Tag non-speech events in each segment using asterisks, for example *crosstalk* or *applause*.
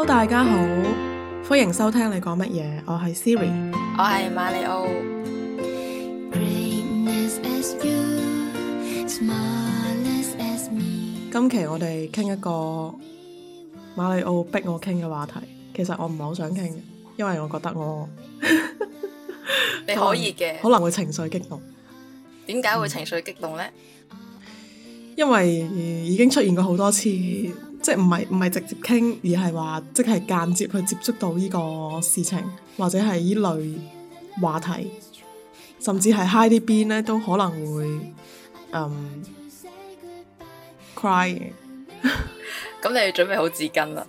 好，大家好，歡迎收聽你講乜嘢？我係 Siri，我係瑪利奧。今期我哋傾一個瑪利奧逼我傾嘅話題，其實我唔係好想傾，因為我覺得我 *laughs* 你可以嘅， *laughs* 可能會情緒激動。點解會情緒激動呢？嗯、因為已經出現過好多次。即係唔係唔係直接傾，而係話即係間接去接觸到呢個事情，或者係呢類話題，甚至係 high 啲邊咧都可能會嗯 cry。咁你準備好紙巾啦？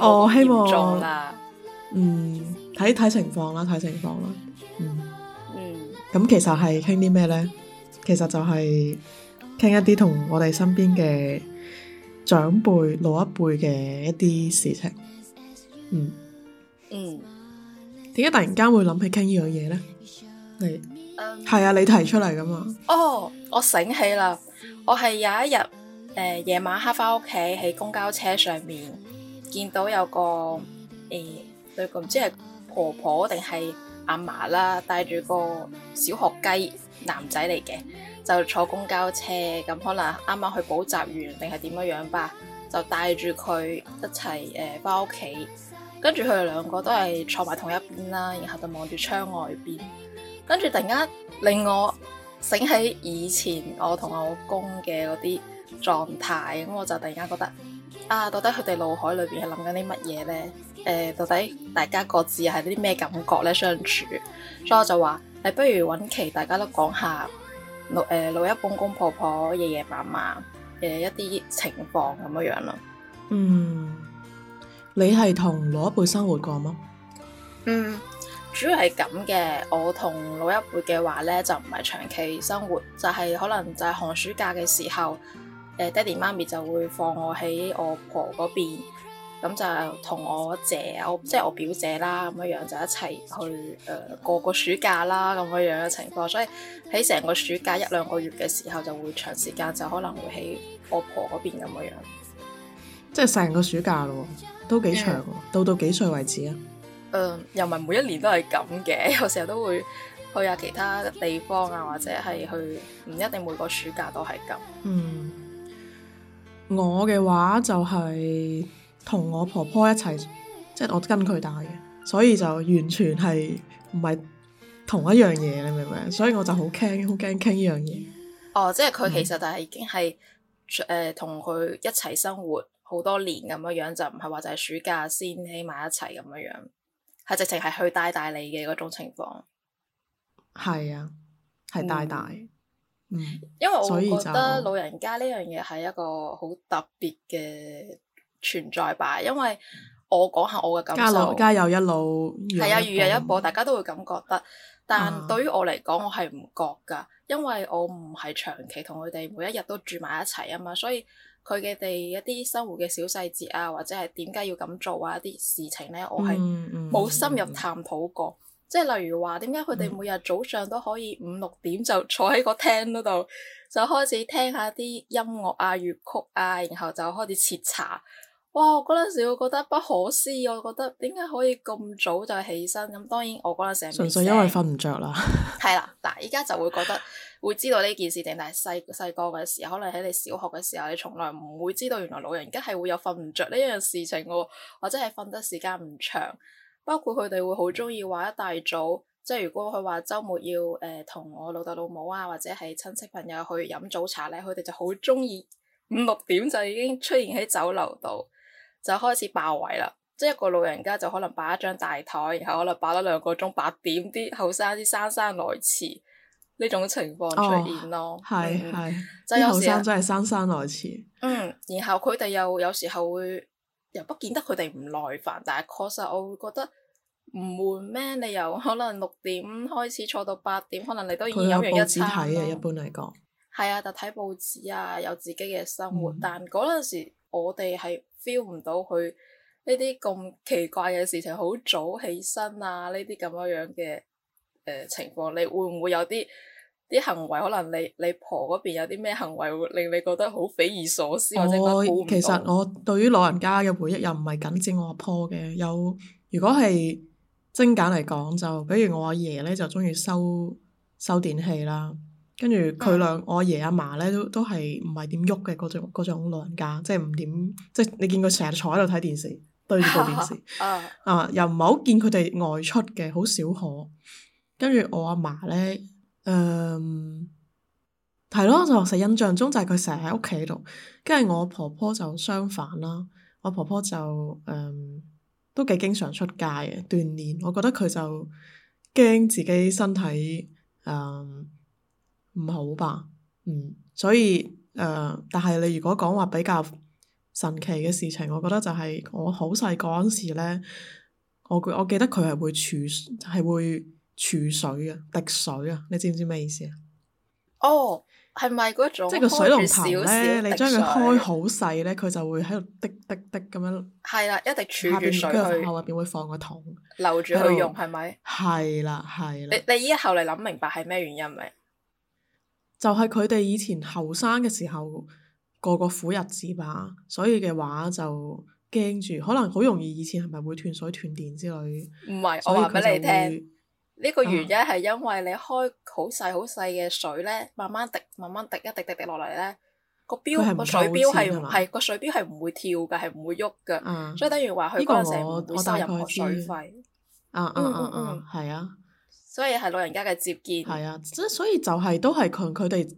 我希望，嗯，睇睇、 *laughs* *laughs* 嗯、情況啦，睇情況啦。嗯，咁、嗯、其實係傾啲咩咧？其實就係傾一啲同我哋身邊嘅。長輩老一輩嘅一啲事情，嗯嗯，點解突然間會諗起傾呢樣嘢咧？你係、嗯、啊，你提出嚟噶嘛？哦，我醒起啦，我係有一日誒夜晚黑翻屋企喺公交車上面見到有個誒對個唔知係婆婆定係阿嫲啦，帶住個小學雞男仔嚟嘅。就坐公交車咁，可能啱啱去補習完定係點樣樣吧？就帶住佢一齊誒翻屋企，跟住佢哋兩個都係坐埋同一邊啦，然後就望住窗外邊。跟住突然間令我醒起以前我同我老公嘅嗰啲狀態，咁、嗯、我就突然間覺得啊，到底佢哋腦海裏邊係諗緊啲乜嘢呢？誒、呃，到底大家各自係啲咩感覺呢？相處，所以我就話你不如揾期大家都講下。老老一公公婆婆爺爺嫲嫲誒一啲情況咁樣樣咯。嗯，你係同老一輩生活過嗎？嗯，主要係咁嘅。我同老一輩嘅話咧，就唔係長期生活，就係、是、可能就係寒暑假嘅時候，誒爹哋媽咪就會放我喺我婆嗰邊，咁就同我姐，我即係我表姐啦，咁樣樣就一齊去誒，過、呃、個暑假啦，咁樣樣嘅情況，所以喺成個暑假一兩個月嘅時候，就會長時間就可能會喺我婆嗰邊咁樣樣。即係成個暑假咯，都幾長、啊，嗯、到到幾歲為止啊？嗯、呃，又唔係每一年都係咁嘅，有時候都會去下、啊、其他地方啊，或者係去唔一定每個暑假都係咁。嗯，我嘅話就係、是。同我婆婆一齊，即係我跟佢帶嘅，所以就完全係唔係同一樣嘢，你明唔明？所以我就好驚好驚傾呢樣嘢。哦，即係佢其實就係已經係誒同佢一齊生活好多年咁嘅樣，就唔係話就係暑假先起埋一齊咁嘅樣，係直情係去帶帶你嘅嗰種情況。係啊，係帶帶。嗯，嗯，因為我覺得老人家呢樣嘢係一個好特別嘅。存在吧，因為我講下我嘅感受。家有，一老。係啊，如有一寶，大家都會咁覺得。但對於我嚟講，啊、我係唔覺噶，因為我唔係長期同佢哋每一日都住埋一齊啊嘛，所以佢嘅哋一啲生活嘅小細節啊，或者係點解要咁做啊一啲事情呢，我係冇深入探討過。即係、嗯嗯、例如話，點解佢哋每日早上都可以五六點就坐喺個廳度，就開始聽一下啲音樂啊、粵曲啊，然後就開始切茶。哇！嗰陣時我覺得不可思議，我覺得點解可以咁早就起身？咁當然我嗰陣時純粹因為瞓唔著啦 *laughs* 。係啦，嗱，依家就會覺得會知道呢件事，定係細細個嘅時候，可能喺你小學嘅時候，你從來唔會知道原來老人家係會有瞓唔着呢樣事情嘅喎，或者係瞓得時間唔長。包括佢哋會好中意話一大早，即係如果佢話週末要誒同、呃、我老豆老母啊，或者係親戚朋友去飲早茶咧，佢哋就好中意五六點就已經出現喺酒樓度。就開始霸位啦，即係一個老人家就可能擺一張大台，然後可能擺咗兩個鐘八點，啲後生啲姍姍來遲呢種情況出現咯。係係、哦嗯，啲後、喔嗯、生真係姍姍來遲。嗯，然後佢哋又有時候又會又不見得佢哋唔耐煩，但係確實我會覺得唔悶咩？你由可能六點開始坐到八點，可能你都已經有完一餐。睇啊，一般嚟講，係啊、嗯，就睇報紙啊，有自己嘅生活。嗯、但嗰陣時我哋係。feel 唔到佢呢啲咁奇怪嘅事情，好早起身啊，呢啲咁樣樣嘅誒情況，你會唔會有啲啲行為？可能你你婆嗰邊有啲咩行為會令你覺得好匪夷所思我或者我其實我對於老人家嘅回憶又唔係僅止我阿婆嘅，有如果係精簡嚟講，就比如我阿爺咧就中意收收電器啦。跟住佢兩我阿爺阿嫲咧，都都係唔係點喐嘅嗰種嗰種老人家，即係唔點即係你見佢成日坐喺度睇電視，對住部電視 *laughs* 啊，又唔係好見佢哋外出嘅，好少可。跟住我阿嫲咧，誒係咯，就其實印象中就係佢成日喺屋企度。跟住我婆婆就相反啦，我婆婆就誒、嗯、都幾經常出街嘅鍛鍊。我覺得佢就驚自己身體誒。嗯唔好吧，嗯，所以誒、呃，但係你如果講話比較神奇嘅事情，我覺得就係我好細嗰陣時咧，我我記得佢係會儲係會儲水嘅，滴水啊，你知唔知咩意思啊？哦，係咪嗰一種即係個水龍頭咧？小小你將佢開好細咧，佢就會喺度滴滴滴咁樣。係啦，一定儲水去。下邊入邊會放個桶，留住去用係咪？係啦，係啦。你你依家後嚟諗明白係咩原因未？就係佢哋以前後生嘅時候，過個苦日子吧，所以嘅話就驚住，可能好容易，以前係咪會斷水斷電之類？唔係是，所以 我話俾你，你聽，呢、這個原因係因為你開好細好細嘅水咧、啊，慢慢滴慢慢滴一滴滴滴落嚟咧，個表個水表係係個水表係唔會跳嘅，係唔會喐嘅，啊、所以等於話佢嗰陣時唔會收任何水費。啊嗯嗯，啊、嗯，係、嗯、啊。嗯嗯所以係老人家嘅接見，係啊，即所以就係都係佢佢哋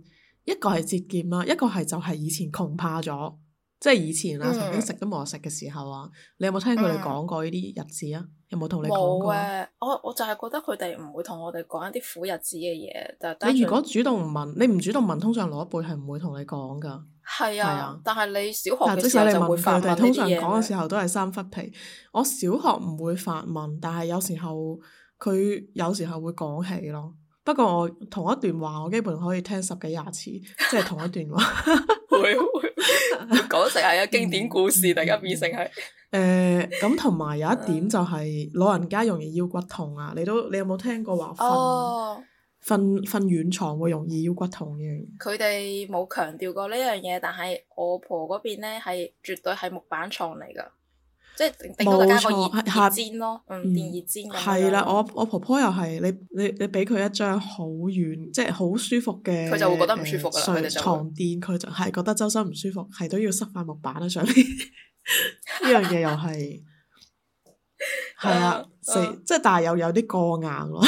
一個係接見啦，一個係就係以前窮怕咗，即、就、係、係、以前啊，嗯、曾經食都冇食嘅時候啊，你有冇聽佢哋講過呢啲日子、嗯、有有啊？有冇同你講過？冇嘅，我我就係覺得佢哋唔會同我哋講一啲苦日子嘅嘢。但你如果主動問，你唔主動問，通常老一輩係唔會同你講噶。係啊，啊但係你小學嗱即使你問就會發問，通常講嘅時候都係三忽皮。我小學唔會發問，但係有時候。佢有時候會講起咯，不過我同一段話，我基本可以聽十幾廿次，即係同一段話會會講成係一個經典故事，大家、 *laughs* 嗯嗯、變成係誒咁。同埋、嗯呃、有一點就係老人家容易腰骨痛啊！你都你有冇聽過話瞓瞓瞓軟牀會容易腰骨痛嘅？佢哋冇強調過呢樣嘢，但係我婆嗰邊咧係絕對係木板床嚟㗎。即係定到更加個熱氈咯，嗯，電熱氈咁樣。係啦，我我婆婆又係，你你你俾佢一張好軟，即係好舒服嘅。佢就會覺得唔舒服，上床墊，佢就係覺得周身唔舒服，係都要塞塊木板喺上面。呢樣嘢又係係啊，即係但係又有啲過硬咯。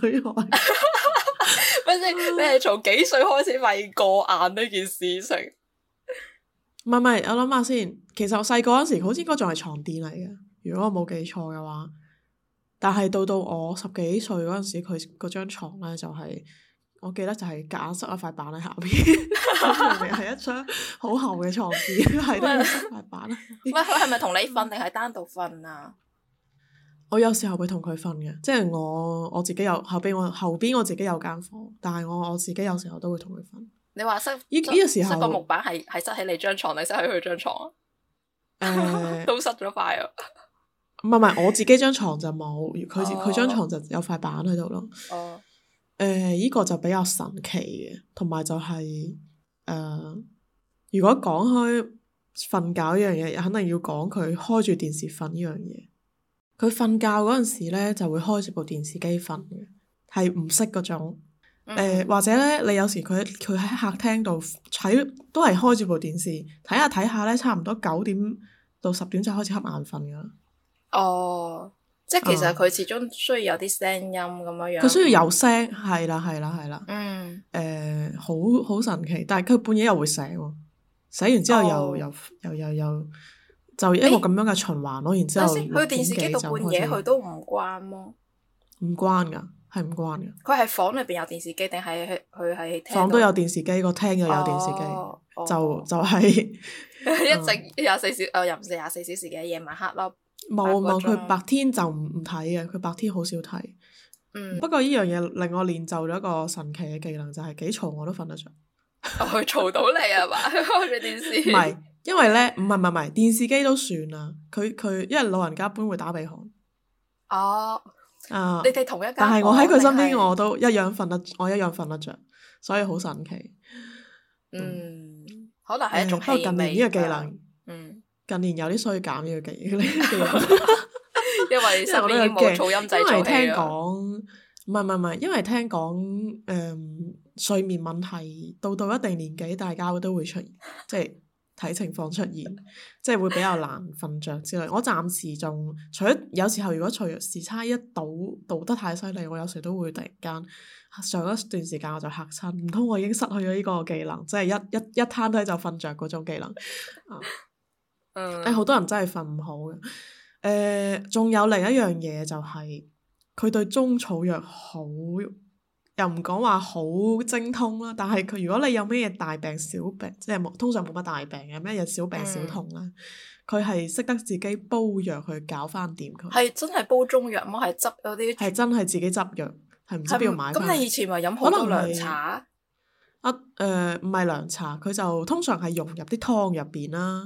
對於我，唔知你係從幾歲開始咪過硬呢件事情？唔係唔係，我諗下先。其實我細個嗰時，好似應該仲係床墊嚟嘅，如果我冇記錯嘅話。但係到到我，我十幾歲嗰陣時，佢嗰張牀咧就係、是，我記得就係夾硬，硬塞一塊板喺下邊，係 *laughs* 一張好厚嘅床墊，係都係塊板喂，唔係， *laughs* *laughs* *laughs* 係咪同你瞓定係單獨瞓啊？ *laughs* 我有時候會同佢瞓嘅，即係我我自己有後邊，我後邊我自己有間房，但係我我自己有時候都會同佢瞓。你話塞？呢依個時候，個木板係係塞喺你張床定係塞喺佢張床？啊？ *laughs* 都塞咗塊啊！唔係唔係，我自己張床就冇，佢佢張床就有塊板喺度咯。誒、 *laughs* 呃，呢、這個就比較神奇嘅，同埋就係、是、誒、呃，如果講開瞓覺呢樣嘢，肯定要講佢開住電視瞓呢樣嘢。佢瞓覺嗰陣時咧，就會開住部電視機瞓嘅，係唔識嗰種。誒、嗯呃、或者咧，你有時佢佢喺客廳度睇都係開住部電視睇下睇下咧，差唔多九點到十點就開始瞌眼瞓噶啦。哦，即係其實佢始終需要有啲聲音咁樣樣。佢需要有聲，係啦係啦係啦。嗯。誒、呃，好好神奇，但係佢半夜又會醒喎，醒完之後又、哦、又又又又就一個咁樣嘅循環咯。欸、然之後佢電視機到半夜佢都唔關麼？唔關㗎。係唔關嘅。佢係房裏邊有電視機，定係佢佢係房都有電視機，個廳又有電視機，oh, 就、oh. 就係、是、 *laughs* 一直廿四小， *laughs* 嗯哦、又唔是廿四小時嘅夜晚黑咯。冇冇，佢白，白天就唔唔睇嘅，佢白天好少睇。Um, 不過呢樣嘢令我練就咗一個神奇嘅技能，就係幾嘈我都瞓得着。我嘈、oh, 到你呀嘛？開咗 *laughs* *laughs* 電視。唔係，因為咧，唔係唔係唔係，電視機都算啦。佢佢，因為老人家一般會打鼻鼾。哦。Oh. 啊！Uh, 你哋同一間，但係我喺佢身邊，我都一樣瞓得，我一樣瞓得著，所以好神奇。嗯，可能係一種、欸、不過近年呢個技能，嗯、近年有啲衰減呢個技能， *laughs* *laughs* 因為身邊冇噪音製造器。因為聽講，唔係唔係，因為聽講，誒、呃、睡眠問題到到一定年紀，大家都會出現，即係。睇情況出現，即係會比較難瞓着之類。我暫時仲除咗有時候，如果除時差一倒倒得太犀利，我有時都會突然間上一段時間我就嚇親，唔通我已經失去咗呢個技能，即係一一一攤低就瞓着嗰種技能。嗯、 *laughs* 呃，好多人真係瞓唔好嘅。誒、呃，仲有另一樣嘢就係、是、佢對中草藥好。又唔講話好精通啦，但係佢如果你有咩大病小病，即係冇通常冇乜大病嘅，咩有小病小痛啦，佢係識得自己煲藥去搞翻掂佢。係真係煲中藥麼？係執嗰啲。係真係自己執藥，係唔知邊度買？咁你以前咪飲好多涼茶？啊誒，呃，唔係涼茶，佢就通常係融入啲湯入邊啦。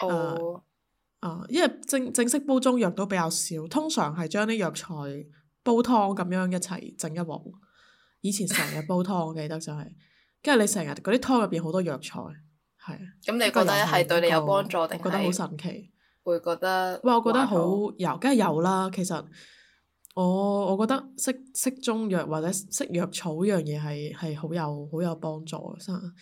哦。啊，因為正正式煲中藥都比較少，通常係將啲藥材煲湯咁樣一齊整一鑊。以前成日煲湯， *laughs* 我記得就係、是，跟住你成日嗰啲湯入邊好多藥材，係啊。咁你覺得係對你有幫助定係覺得好神奇？會覺得。哇！我覺得好有，梗係、哎、有啦。嗯、其實我我覺得識識中藥或者識藥草呢樣嘢係係好有好有幫助嘅。真、嗯、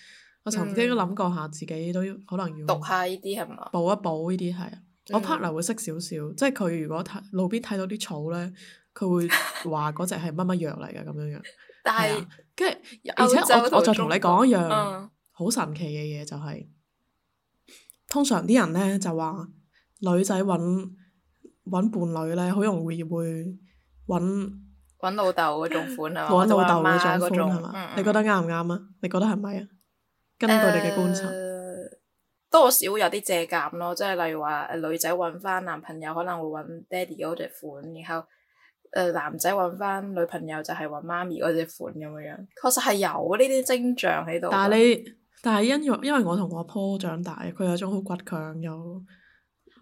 我曾經都諗過下自己都可能要讀下呢啲係嘛？補一補呢啲係啊！嗯、我 partner 會識少少，即係佢如果睇路邊睇到啲草咧，佢會話嗰隻係乜乜藥嚟嘅咁樣樣。 *laughs* 係啊，跟住嗎而且我我再同你講一樣好、嗯、神奇嘅嘢、就係，就係通常啲人咧就話女仔揾揾伴侶咧，好容易會揾老豆嗰種款啊，揾 *laughs* 老豆嗰種，你覺得啱唔啱啊？你覺得係咪啊？根據你嘅觀察、呃，多少有啲借鑒咯，即係例如話誒女仔揾翻男朋友，可能會揾爹哋嗰隻款，然後。誒，男仔揾翻女朋友就係揾媽咪嗰隻款咁樣樣，確實係有呢啲徵象喺度。但係你，但係因因為，我同我阿婆長大，佢有種好倔強有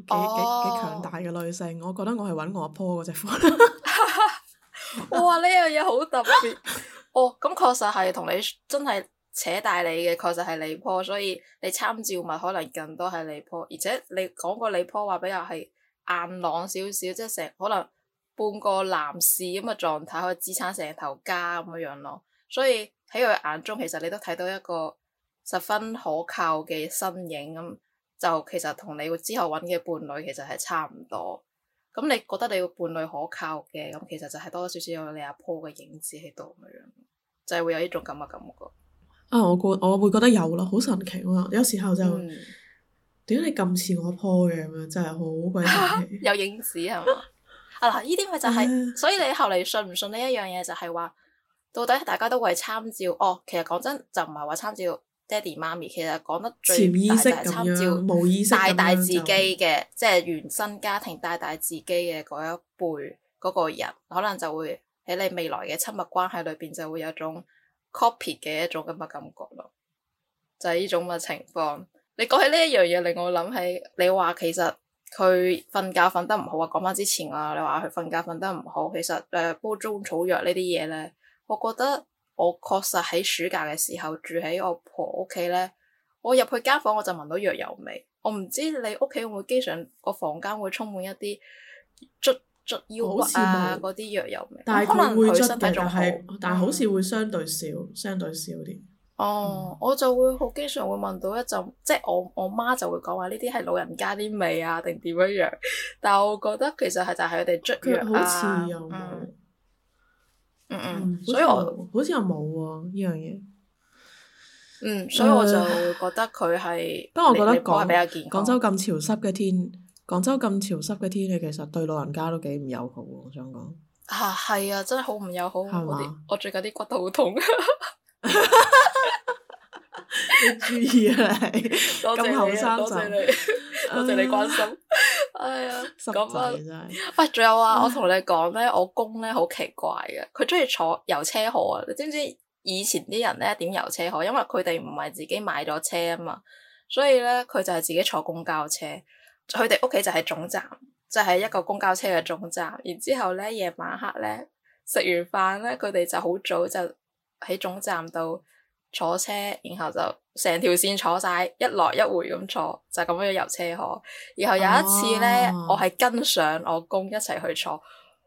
幾幾強大嘅女性，哦、我覺得我係揾我阿婆嗰隻款。 *laughs* *laughs* 哇！呢樣嘢好特別。 *laughs* 哦，咁確實係同你真係扯大你嘅，確實係你婆，所以你參照物可能更多係你婆。而且你講過你婆話比較係硬朗少少，即係成可能。半個男士咁嘅狀態可以支撐成頭家咁嘅樣咯，所以喺佢眼中其實你都睇到一個十分可靠嘅身影咁，就其實同你會之後揾嘅伴侶其實係差唔多。咁你覺得你個伴侶可靠嘅咁，其實就係多多少少有你阿婆嘅影子喺度咁嘅樣，就係會有呢種咁嘅感覺。啊，我覺我會覺得有啦，好神奇啊！有時候就，點解、嗯、你咁似我阿婆嘅咁啊？真係好鬼有影子係嘛？ *laughs* 啊嗱，呢啲咪就係、是，啊、所以你後嚟信唔信呢一樣嘢就係話，到底大家都會參照，哦，其實講真就唔係話參照爹哋媽咪，其實講得最大大參照、帶帶無意識帶大自己嘅，即係原生家庭，帶大自己嘅嗰一輩嗰個人，可能就會喺你未來嘅親密關係裏邊就會有種 copy 嘅一種咁嘅感覺咯，就係、是、呢種嘅情況。你講起呢一樣嘢，令我諗起你話其實。佢瞓覺瞓得唔好啊！講翻之前啊，你話佢瞓覺瞓得唔好，其實誒、呃、煲中草藥呢啲嘢咧，我覺得我確實喺暑假嘅時候住喺我婆屋企咧，我入去間房我就聞到藥油味。我唔知你屋企會唔會經常個房間會充滿一啲捽捽腰骨啊嗰啲藥油味。但係佢會捽嘅，但係但係好似會相對少，嗯、相對少啲。哦，我就會好經常會聞到一陣，即係我我媽就會講話呢啲係老人家啲味啊，定點樣樣。但係我覺得其實係就係佢哋灼藥好似又冇，嗯嗯、like mm，所以我好似又冇喎呢樣嘢。嗯，所以我就覺得佢係不過我覺得講比較廣州咁潮濕嘅天，廣州咁潮濕嘅天氣其實對老人家都幾唔友好。我想講嚇係啊，真係好唔友好，我最近啲骨頭好痛。注意 *laughs* 啊！你咁後生，多謝你，多 *laughs* 謝你關心。哎呀，心真係。喂，仲有啊！我同你講咧，我公咧好奇怪嘅，佢中意坐遊車河啊！你知唔知以前啲人咧點遊車河？因為佢哋唔係自己買咗車啊嘛，所以咧佢就係自己坐公交車。佢哋屋企就係總站，就係、是、一個公交車嘅總站。然後之後咧夜晚黑咧食完飯咧，佢哋就好早就喺總站度坐車，然後就。成條線坐晒，一來一回咁坐，就咁、是、樣遊車河。然後有一次呢，Oh. 我係跟上我公一齊去坐，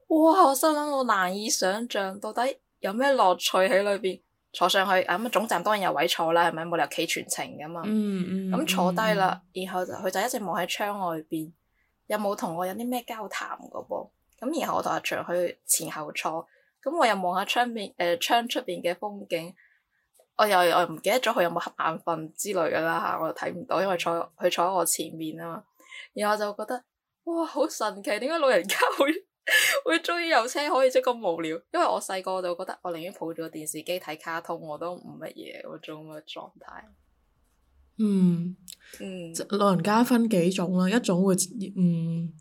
哇！我心諗我難以想象到底有咩樂趣喺裏邊坐上去。咁、啊、總站當然有位坐啦，係咪冇理由企全程噶嘛？咁坐低啦，然後就佢就一直望喺窗外邊，有冇同我有啲咩交談噶噃。咁然後我同阿長去前後坐，咁我又望下窗邊誒、呃、窗出邊嘅風景。我又我又唔記得咗佢有冇瞌眼瞓之類噶啦吓，我又睇唔到，因為坐佢坐喺我前面啊嘛。然後我就覺得哇，好神奇，點解老人家會會終於有車可以即咁無聊？因為我細個就覺得我寧願抱住個電視機睇卡通，我都唔乜嘢，嗰種嘅狀態，嗯嗯，嗯老人家分幾種啦，一種會嗯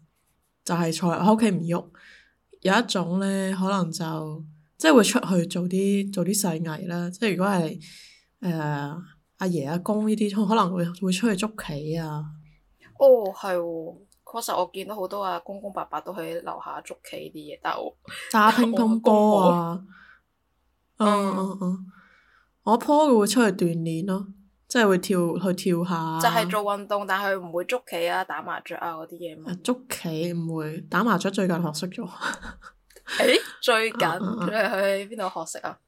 就係、是、坐喺屋企唔喐，有一種咧可能就。即係會出去做啲做啲細藝啦，即係如果係誒阿爺阿公呢啲，可能會會出去捉棋啊。哦，係，確實我見到好多阿公公伯伯都喺樓下捉棋啲嘢，但我，揸乒乓波啊。嗯嗯嗯，我阿婆佢會出去鍛煉咯，即係會跳去跳下。就係做運動，但係佢唔會捉棋啊、打麻雀啊嗰啲嘢嘛。捉棋唔會，打麻雀最近學識咗。誒。最近佢哋去邊度學識啊？啊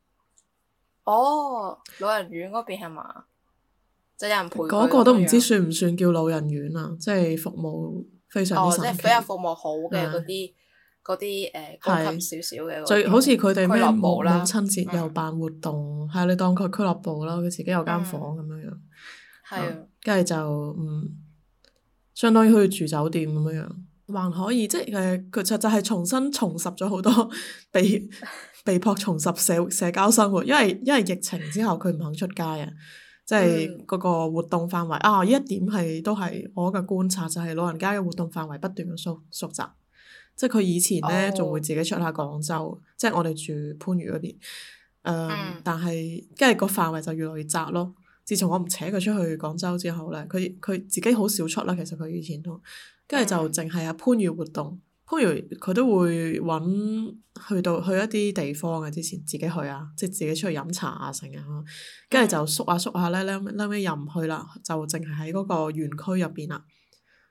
哦，老人院嗰邊係嘛？就是、有人陪嗰個都唔知算唔算叫老人院啊？即、就、係、是、服務非常之、哦、即係比較服務好嘅嗰啲嗰啲誒，的高級少少嘅。最的、那個、好似佢哋咩？母親節又辦活動，係、呃、你當佢俱樂部啦。佢自己有間房咁樣樣，係跟住就嗯，相當於好似住酒店咁樣樣。還可以，即係誒，佢實就係重新重拾咗好多被被迫重拾社社交生活，因為因為疫情之後佢唔肯出街啊，即係嗰個活動範圍、嗯、啊，呢一點係都係我嘅觀察，就係、是、老人家嘅活動範圍不斷咁縮縮窄，即係佢以前咧仲會自己出下廣州，哦、即係我哋住番禺嗰邊，嗯嗯、但係跟住個範圍就越來越窄咯。自從我唔請佢出去廣州之後咧，佢佢自己好少出啦。其實佢以前都～跟住就淨係阿番禺活動，番禺佢都會揾去到去一啲地方嘅，之前自己去啊，即係自己出去飲茶啊成啊。跟住就縮下縮下咧，咧咧尾又唔去啦，就淨係喺嗰個園區入邊啦。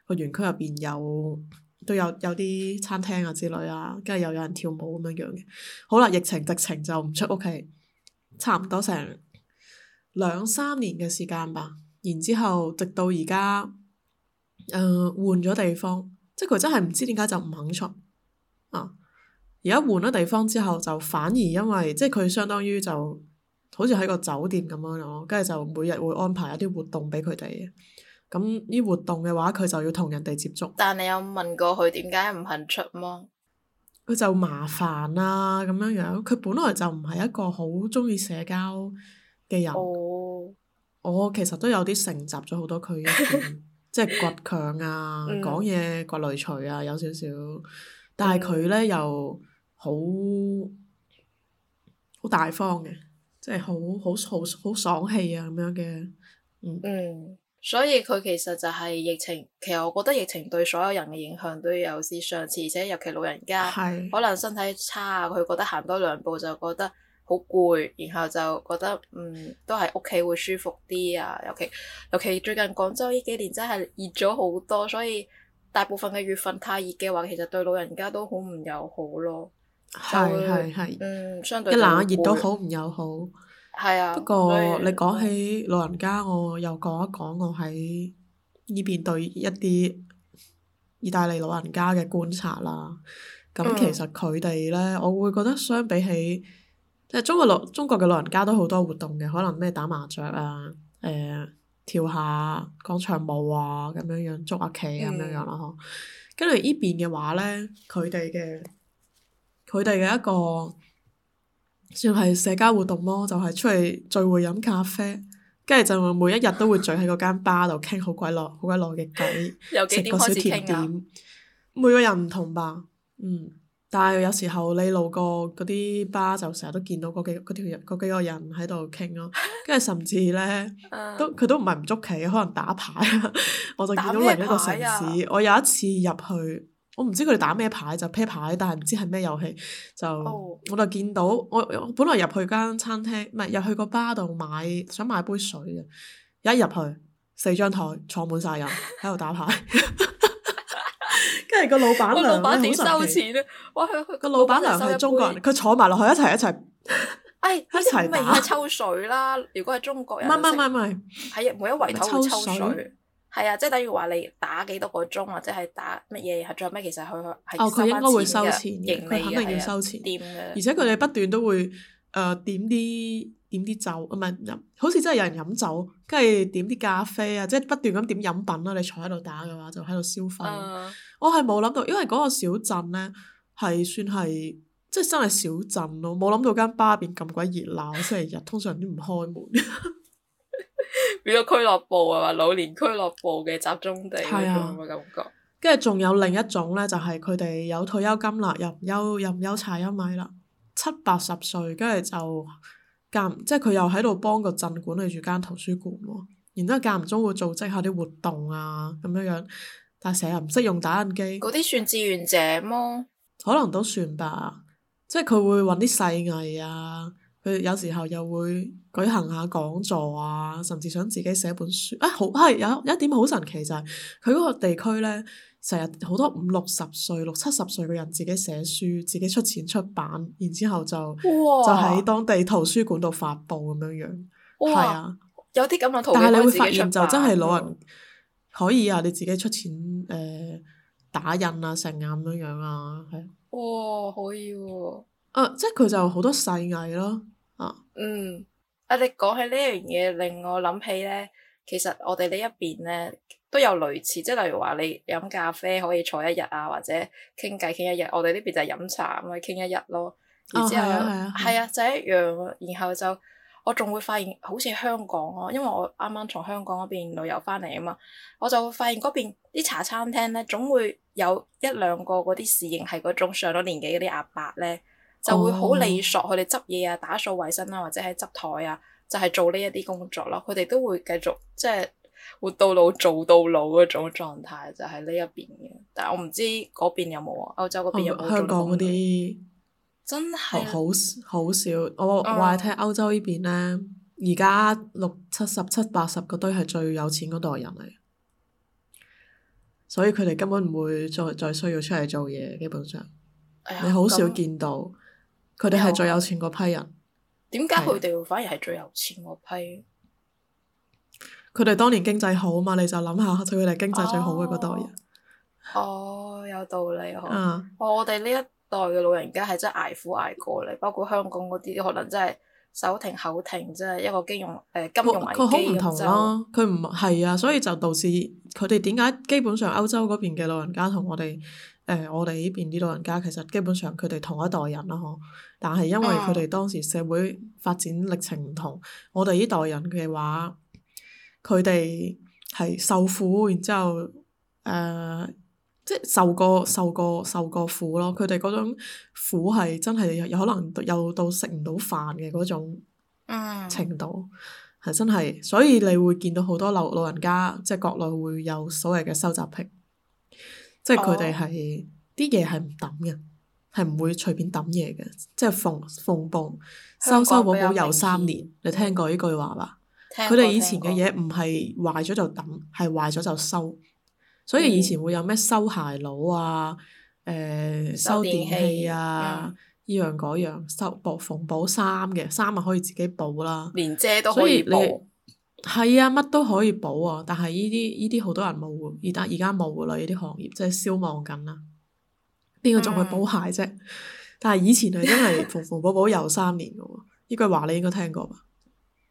個園區入邊有都有有啲餐廳啊之類啊，跟住又有人跳舞咁樣樣嘅。好啦，疫情直情就唔出屋企，差唔多成兩三年嘅時間吧。然之後直到而家。誒，換咗、呃、地方，即係佢真係唔知點解就唔肯出啊，而家換咗地方之後，就反而因為即係佢相當於就好似喺個酒店咁樣樣咯，跟住就每日會安排一啲活動俾佢哋。咁呢活動嘅話，佢就要同人哋接觸。但你有問過佢點解唔肯出麼？佢就麻煩啦、啊，咁樣樣。佢本來就唔係一個好中意社交嘅人。哦、我其實都有啲承襲咗好多佢嘅。即係倔強啊，講嘢倔雷槌啊，有少少，但係佢咧又好好大方嘅，即係好好好好爽氣啊咁樣嘅，嗯。嗯，所以佢其實就係疫情，其實我覺得疫情對所有人嘅影響都有啲相似，而且尤其老人家，是可能身體差啊，佢覺得行多兩步就覺得。好攰，然後就覺得嗯，都係屋企會舒服啲啊。尤其尤其最近廣州呢幾年真係熱咗好多，所以大部分嘅月份太熱嘅話，其實對老人家都好唔友好咯。係係係。就嗯，相對一冷一熱都好唔友好。係啊。不過的你講起老人家，我又講一講我喺呢邊對一啲意大利老人家嘅觀察啦。咁其實佢哋咧，嗯、我會覺得相比起。即係中國老中國嘅老人家都好多活動嘅，可能咩打麻雀啊，誒、呃、跳下廣場舞啊咁樣樣，捉下棋咁、啊、樣樣啦呵。跟住呢邊嘅話咧，佢哋嘅佢哋嘅一個算係社交活動咯、啊，就係、是、出去聚會飲咖啡，跟住就會每一日都會聚喺嗰間吧度傾好鬼耐好鬼耐嘅偈，食個小甜點。每個人唔同吧，嗯。但係有時候你路過嗰啲吧，就成日都見到嗰幾嗰條幾個人喺度傾咯，跟住甚至咧、uh, 都佢都唔係唔捉棋，可能打牌啊。 *laughs* 我就見到另一個城市，啊、我有一次入去，我唔知佢哋打咩牌就 pair 牌，但係唔知係咩遊戲就，oh. 我就見到我本來入去間餐廳，唔係入去個吧度買想買杯水嘅，一入去四張台坐滿晒人喺度打牌。 *laughs* 跟住個老闆，老闆點收錢？哇，佢個老闆娘係中國人，佢坐埋落去一齊一齊，哎，一齊打抽水啦！如果係中國人，唔係唔係唔係唔係，喺每一圍頭抽水，係啊，即係等於話你打幾多個鐘或者係打乜嘢，然後最後尾其實佢佢佢應該會收錢，佢肯定要收錢，而且佢哋不斷都會誒點啲點啲酒啊，唔係，好似真係有人飲酒，跟住點啲咖啡啊，即係不斷咁點飲品啦。你坐喺度打嘅話，就喺度消費。我係冇諗到，因為嗰個小鎮咧係算係即係真係小鎮咯，冇諗到間巴變咁鬼熱鬧，星期日通常都唔開門， *laughs* 變咗俱樂部啊話，老年俱樂部嘅集中地嗰種、啊、感覺。跟住仲有另一種咧，就係佢哋有退休金啦，又唔憂又唔憂柴唔憂米啦，七八十歲，跟住就間即係佢又喺度幫個鎮管理住間圖書館喎，然之後間唔中會組織下啲活動啊咁樣樣。但係成日唔識用打印機，嗰啲算志願者麼？可能都算吧，即係佢會搵啲細藝啊，佢有時候又會舉行下講座啊，甚至想自己寫本書。啊、哎，好係有、哎、有一點好神奇就係佢嗰個地區呢，成日好多五六十歲、六七十歲嘅人自己寫書，自己出錢出版，然之後就哇就喺當地圖書館度發布咁樣樣，係哇啊，有啲咁嘅圖。但係你會發現就真係老人。嗯可以啊，你自己出錢誒、呃、打印啊、成啊咁樣樣啊，係。哇、哦，可以喎、啊。Uh, 即係佢就好多細藝咯，啊、uh,。嗯，啊，你講起呢樣嘢，令我諗起咧，其實我哋呢一邊咧都有類似，即係例如話你飲咖啡可以坐一日啊，或者傾偈傾一日，我哋呢邊就係飲茶咁咪傾一日咯，然、哦、之後係啊，就一樣，然後就。我仲會發現好似香港咯、啊，因為我啱啱從香港嗰邊旅遊翻嚟啊嘛，我就會發現嗰邊啲茶餐廳咧總會有一兩個嗰啲侍應係嗰種上咗年紀嗰啲阿伯咧，就會好利索，佢哋執嘢啊、打掃衞生啦、啊，或者喺執台啊，就係、是、做呢一啲工作啦、啊。佢哋都會繼續即係活到老做到老嗰種狀態，就係、是、呢一邊嘅。但係我唔知嗰邊有冇啊，歐洲嗰邊有冇、哦、香港啲？真係好好少，好少，我我話你聽歐洲邊呢邊咧，而家六七十七八十個堆係最有錢嗰代人嚟，所以佢哋根本唔會再再需要出嚟做嘢，基本上、哎、呦你好少見到，佢哋係最有錢嗰批人。點解佢哋反而係最有錢嗰批？佢哋當年經濟好嘛，你就諗下，所以佢哋經濟最好嘅嗰代人。哦，oh. oh, 有道理，Yeah. oh, 我我哋呢一代嘅老人家係真係捱苦捱過嚟，包括香港嗰啲可能真係手停口停，即係一個金融誒、呃、金融危機，佢好唔同就佢唔係啊後，所以就導致佢哋點解基本上歐洲嗰邊嘅老人家同我哋誒、呃、我哋呢邊啲老人家其實基本上佢哋同一代人啦呵，但係因為佢哋當時社會發展歷程唔同，嗯、我哋呢代人嘅話，佢哋係受苦，然之後誒。呃即係受過受過受過苦咯，佢哋嗰種苦係真係有可能又到食唔到飯嘅嗰種程度，係、嗯、真係。所以你會見到好多老老人家，即係國內會有所謂嘅收集癖，即係佢哋係啲嘢係唔抌嘅，係唔、哦、會隨便抌嘢嘅。即係縫縫補修修補補又三年，你聽過呢句話吧？佢哋以前嘅嘢唔係壞咗就抌，係壞咗就收。嗯。所以以前會有咩收鞋佬啊，誒、呃、收電器啊，呢、嗯、樣嗰樣收補縫補衫嘅，衫咪可以自己補啦，連遮都可以，以你？係啊，乜都可以補啊！但係依啲依啲好多人冇嘅，而家而家冇嘅啦，依啲行業即係消亡緊啦。邊個仲去補鞋啫？嗯、但係以前係真係縫縫補補又三年嘅喎，依 *laughs* 句話你應該聽過吧？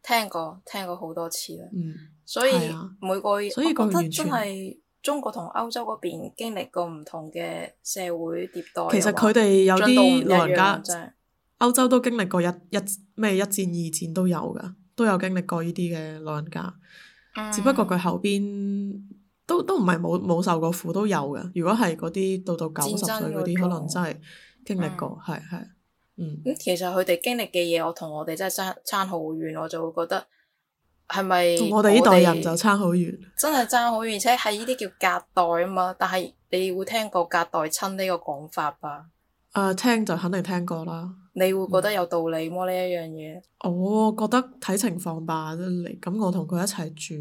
聽過聽過好多次啦，嗯、所，以所以每個我覺得，完全我覺得真係。中國同歐洲嗰邊經歷過唔同嘅社會迭代。其實佢哋有啲老人家，歐洲都經歷過一一咩一戰、二戰都有噶，都有經歷過呢啲嘅老人家。嗯、只不過佢後邊都都唔係冇冇受過苦，都有噶。如果係嗰啲到到九十歲嗰啲，可能真係經歷過，係係、嗯。嗯，咁其實佢哋經歷嘅嘢，我同我哋真係差差好遠，我就會覺得。係咪我哋呢代人就差好遠？真係差好遠，而且係呢啲叫隔代啊嘛。但係你會聽過隔代親呢個講法吧？誒，uh, 聽就肯定聽過啦。你會覺得有道理麼？呢一樣嘢？我、哦、覺得睇情況吧。咁我同佢一齊住，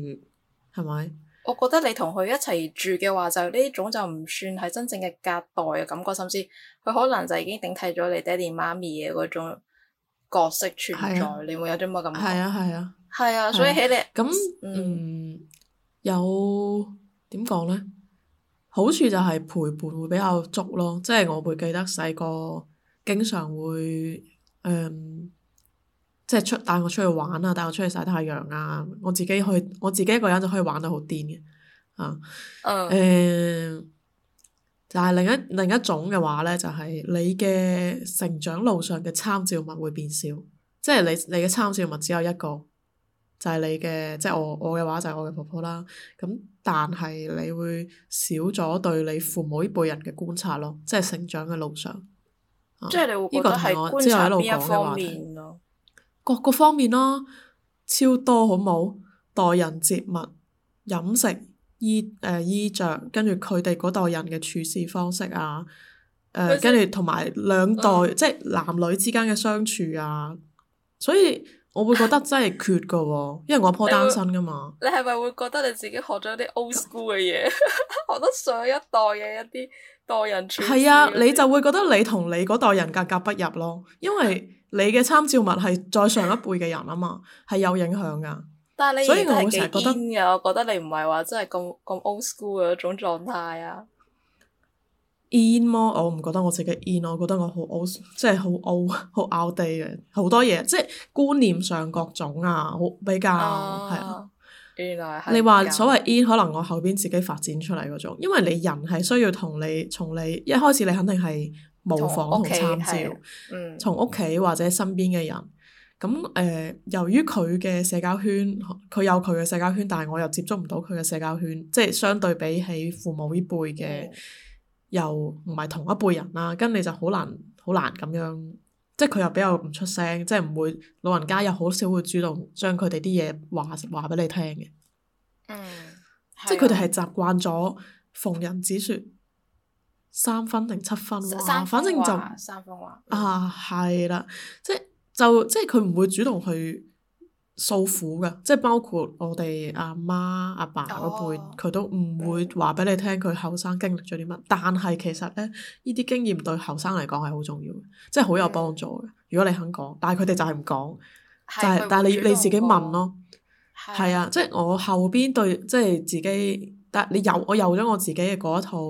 係咪？我覺得你同佢一齊住嘅話，就呢種就唔算係真正嘅隔代嘅感覺，甚至佢可能就已經頂替咗你爹哋媽咪嘅嗰種角色存在。啊、你會有啲乜感覺？係啊，係啊。係啊，所以佢哋咁嗯，嗯有點講咧，好處就係陪伴會比較足咯。即係我會記得細個經常會誒、嗯，即係出帶我出去玩啊，帶我出去曬太陽啊。我自己去我自己一個人就可以玩到好癲嘅啊。誒 Okay.、嗯，就係另一另一種嘅話咧，就係、是、你嘅成長路上嘅參照物會變少，即係你你嘅參照物只有一個。就係你嘅，即、就、係、是、我、就是、我嘅話就係我嘅婆婆啦。咁但係你會少咗對你父母呢輩人嘅觀察咯，即係成長嘅路上。啊、即係你會覺得係觀察邊方面咯？各個方面咯，超多好冇？待人接物、飲食、衣誒、呃、衣著，跟住佢哋嗰代人嘅處事方式啊。誒、呃，跟住同埋兩代、嗯、即係男女之間嘅相處啊。所以。我會覺得真係缺噶喎，因為我阿婆單身噶嘛。你係咪會覺得你自己學咗啲 old school 嘅嘢， *laughs* 學得上一代嘅一啲代人處？係啊，你就會覺得你同你嗰代人格格不入咯，因為你嘅參照物係再上一輩嘅人啊嘛，係有影響噶、嗯。但係你所以我成日覺得，我覺得你唔係話真係咁咁 old school 嘅一種狀態啊。in 麼？我唔覺得我自己 in，我覺得我好 old，即係好 old，好 out 地嘅好多嘢，即係觀念上各種啊，好比較係啊。是來你話所謂 in，可能我後邊自己發展出嚟嗰種，因為你人係需要同你從你一開始你肯定係模仿同參照，從屋企或者身邊嘅人。咁誒、呃，由於佢嘅社交圈，佢有佢嘅社交圈，但係我又接觸唔到佢嘅社交圈，即係相對比起父母呢輩嘅。嗯又唔係同一輩人啦，跟你就好難好難咁樣，即係佢又比較唔出聲，即係唔會老人家又好少會主動將佢哋啲嘢話話畀你聽嘅。嗯，即係佢哋係習慣咗逢人只説三分定七分咯，分反正就三分話啊，係啦，即係就即係佢唔會主動去。訴苦嘅，即係包括我哋阿媽阿爸嗰輩，佢、哦、都唔會話俾你聽佢後生經歷咗啲乜。的但係其實咧，呢啲經驗對後生嚟講係好重要嘅，即係好有幫助嘅。如果你肯講，但係佢哋就係唔講，的就係、是、但係你你自己問咯。係啊的，即係我後邊對，即係自己，但係你有我有咗我自己嘅嗰一套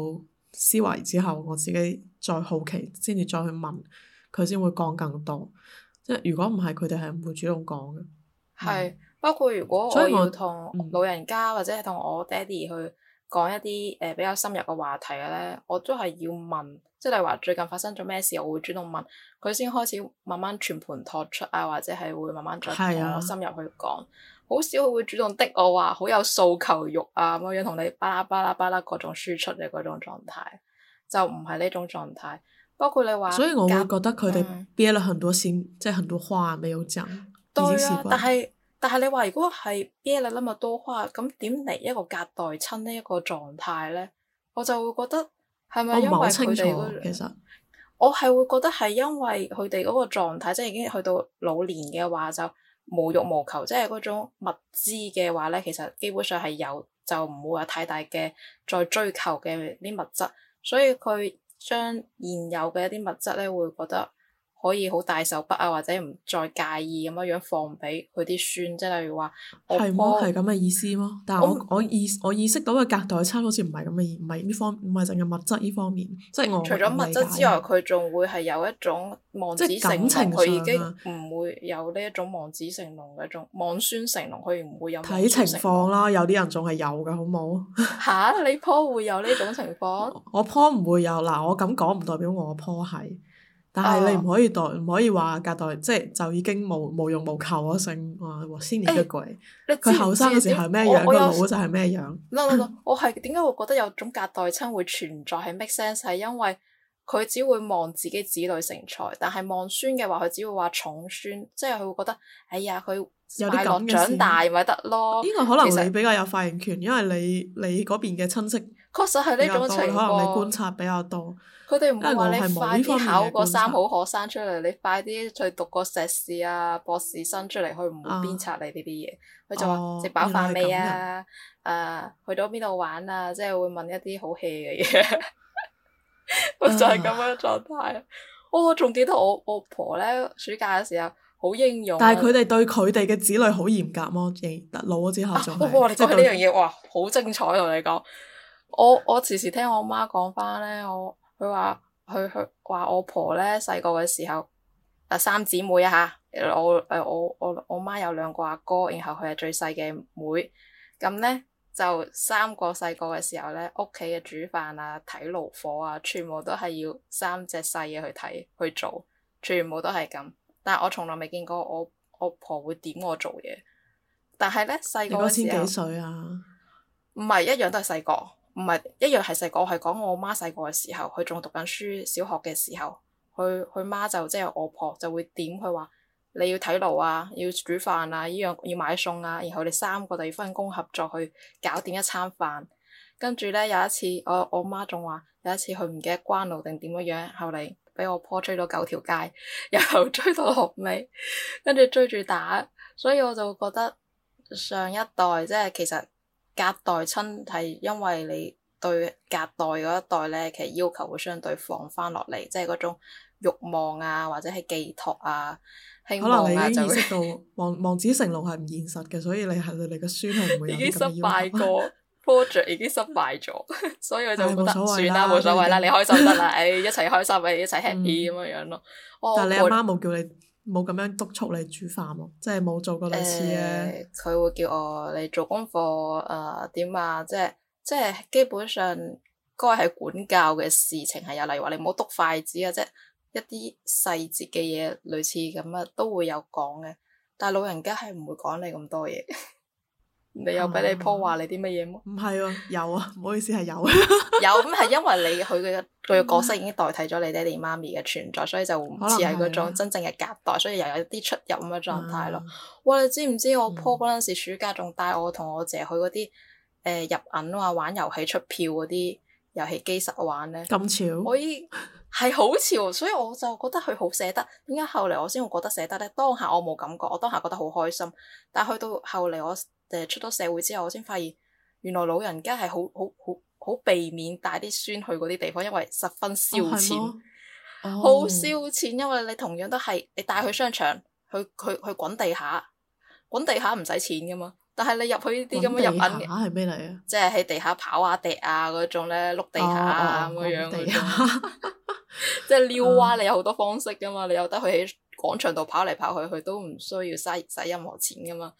思維之後，我自己再好奇，先至再去問佢，先會講更多。即係如果唔係，佢哋係唔會主動講嘅。係，包括如果我要同老人家或者係同我爹哋去講一啲誒比較深入嘅話題咧，我都係要問，即係例如話最近發生咗咩事，我會主動問佢先，開始慢慢全盤托出啊，或者係會慢慢再同我深入去講。好是、啊、少會主動的，我話好有訴求欲啊，咁樣同你巴拉巴拉巴拉各種輸出嘅嗰種狀態，就唔係呢種狀態。包括你話，所以我會覺得佢哋憋了很多心，嗯、即係很多話沒有講。對啊，但係但係是你話 *noise* 如果係啤啦粒啊多花咁點嚟一個隔代親呢一個狀態咧，我就會覺得係咪因為佢哋？其實我係會覺得係因為佢哋嗰個狀態，即係已經去到老年嘅話，就無欲無求，即係嗰種物資嘅話咧，其實基本上係有，就唔會有太大嘅再追求嘅啲物質，所以佢將現有嘅一啲物質咧，會覺得。可以好大手筆啊，或者唔再介意咁樣樣放俾佢啲孫，即係例如話我，我。係麼、哦？係咁嘅意思咯？但係我我意我意識到嘅隔代差好似唔係咁嘅意，唔係呢方唔係淨係物質呢方面，即係我。除咗物質之外，佢仲會係有一種望子成龍，佢已經唔會有呢一種望子成龍嘅一種望孫成龍，佢唔會有睇情況啦。有啲人仲係有嘅，好冇吓、啊？你婆會有呢種情況 *laughs* 我婆唔會有嗱，我咁講唔代表我婆係。但係你唔可以代，唔、oh. 可以話隔代，即係就已經無無用無求我性。哇，和先年嘅鬼，佢後生嘅時候係咩樣，佢老就係咩樣。No, no, no，我係點解會覺得有種隔代親會存在係 make sense？係因為。佢只會望自己子女成才，但係望孫嘅話，佢只會話重孫，即係佢會覺得，哎呀，佢快樂長大咪得咯。呢個可能你比較有發言權，因為你你嗰邊嘅親戚確實係呢種情況，可能你觀察比較多。佢哋唔會話你快啲考個三好學生出嚟，你快啲去讀個碩士啊博士生出嚟，佢唔會鞭策你呢啲嘢。佢就話食飽飯未啊？誒，uh, 去到邊度玩啊？即係會問一啲好 hea 嘅嘢。 *laughs* 就係咁樣狀態、哦。我我仲記得我我婆咧暑假嘅時候好英勇、啊。但係佢哋對佢哋嘅子女好嚴格麼、啊？而老咗之後，哇！你講呢樣嘢哇，好精彩同、啊、你講。我我時時聽我媽講翻咧，我佢話佢佢話我婆咧細個嘅時候，誒三姊妹啊吓，我誒我我我媽有兩個阿哥，哥，然後佢係最細嘅妹，妹，咁咧。就三個細個嘅時候咧，屋企嘅煮飯啊、睇爐火啊，全部都係要三隻細嘢去睇去做，全部都係咁。但係我從來未見過我我婆會點我做嘢。但係咧細個好似，幾歲啊？唔係一樣都係細個，唔係一樣係細個。我係講我媽細個嘅時候，佢仲讀緊書，小學嘅時候，佢佢媽就即係我婆就會點佢話。你要睇爐啊，要煮飯啊，依樣要買餸啊，然後你三個就要分工合作去搞掂一餐飯。跟住呢，有一次，我我媽仲話有一次佢唔記得關爐定點樣樣，後嚟俾我婆追到九條街，又追到落尾，跟住追住打，所以我就覺得上一代即係其實隔代親係因為你對隔代嗰一代呢，其實要求會相對放翻落嚟，即係嗰種慾望啊，或者係寄託啊。啊、可能你已經意識到望望子成龍係唔現實嘅，所以你係你個孫係唔會 *laughs* 已經失敗過 project， *laughs* 已經失敗咗，所以我就冇所謂算啦，冇所謂啦， *laughs* 你開心得啦，誒， *laughs* 一齊開心，一齊 happy 咁樣樣咯。Oh, 但係你阿媽冇叫你冇咁 *laughs* 樣督促你煮飯咯，即係冇做過類似嘅。佢、呃、會叫我嚟做功課，誒、呃，點、呃、啊、嗯？即係即係基本上該係管教嘅事情係有例，例如話你唔好督筷子啊，即係。一啲細節嘅嘢，類似咁啊，都會有講嘅。但係老人家係唔會講你咁多嘢。 *laughs* 你有俾你婆話你啲乜嘢麼？唔係喎，有啊，唔好意思係有啊， *laughs* 有咁係因為你佢嘅佢嘅角色已經代替咗你爹地媽咪嘅存在，所以就唔似係嗰種真正嘅隔代，所以又有啲出入咁嘅狀態咯。啊、哇，你知唔知我婆嗰陣時暑假仲帶我同我姐，去嗰啲誒入銀啊，玩遊戲出票嗰啲。遊戲機實玩咧，咁潮！我係好潮，所以我就覺得佢好捨得。點解後嚟我先會覺得捨得咧？當下我冇感覺，我當下覺得好開心。但去到後嚟，我、呃、誒出咗社會之後，我先發現原來老人家係好好好好避免帶啲孫去嗰啲地方，因為十分燒錢，好、哦 oh，燒錢。因為你同樣都係你帶佢去商場，佢佢佢滾地下，滾地下唔使錢㗎嘛。但係你去入去呢啲咁嘅入品嘅，即係喺地下地跑啊、跌啊嗰種咧，碌地下咁嘅、oh, oh, 樣嗰種，即係遛娃，你有好多方式噶嘛，uh, 你有得去喺廣場度跑嚟跑去，佢都唔需要嘥嘥任何錢噶嘛。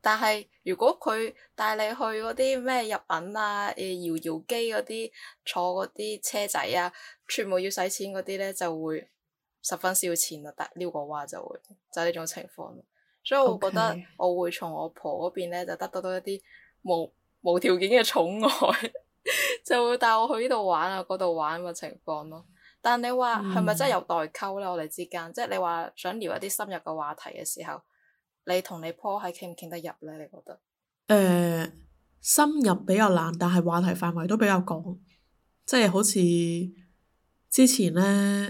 但係如果佢帶你去嗰啲咩入品啊、誒搖搖機嗰啲，坐嗰啲車仔啊，全部要使錢嗰啲咧，就會十分燒錢啦。但係遛個娃就會就係、是、呢種情況。所以我覺得我會從我婆嗰邊咧就得到到一啲無無條件嘅寵愛， *laughs* 就會帶我去呢度玩啊嗰度玩嘅情況咯。但係你話係咪真係有代溝咧？我哋之間，即係你話想聊一啲深入嘅話題嘅時候，你同你婆係傾唔傾得入咧？你覺得？誒、呃，深入比較難，但係話題範圍都比較廣，即係好似之前咧，誒、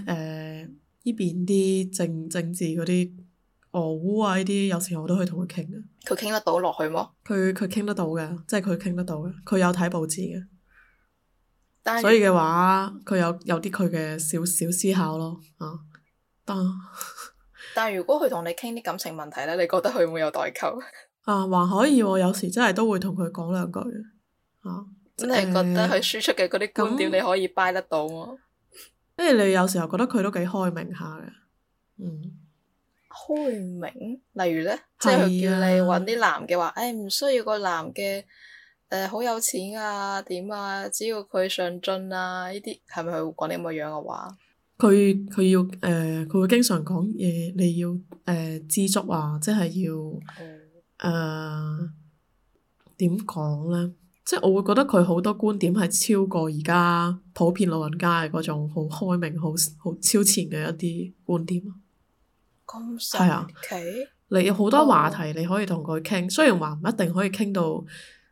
呃、呢邊啲政政治嗰啲。俄烏啊，呢啲、哦、有時候我都會同佢傾啊。佢傾得到落去麼？佢佢傾得到嘅，即係佢傾得到嘅。佢有睇報紙嘅，所以嘅話佢有有啲佢嘅少少思考咯。啊，但係 *laughs* 如果佢同你傾啲感情問題咧，你覺得佢會唔會有代溝？ *laughs* 啊，還可以，有時真係都會同佢講兩句。啊，真係覺得佢輸出嘅嗰啲觀點你可以 buy 得到咯。即係你有時候覺得佢都幾開明下嘅，嗯。開明，例如咧，即係佢叫你揾啲男嘅話，誒唔的、哎、需要個男嘅誒好有錢啊，點啊，只要佢上進啊，呢啲係咪佢會講啲咁嘅樣嘅話？佢佢要誒，佢、呃、會經常講嘢，你要誒知、呃、足啊，即係要誒點講咧？即係我會覺得佢好多觀點係超過而家普遍老人家嘅嗰種好開明、好好超前嘅一啲觀點。咁、啊、你有好多話題你可以同佢傾，哦、雖然話唔一定可以傾到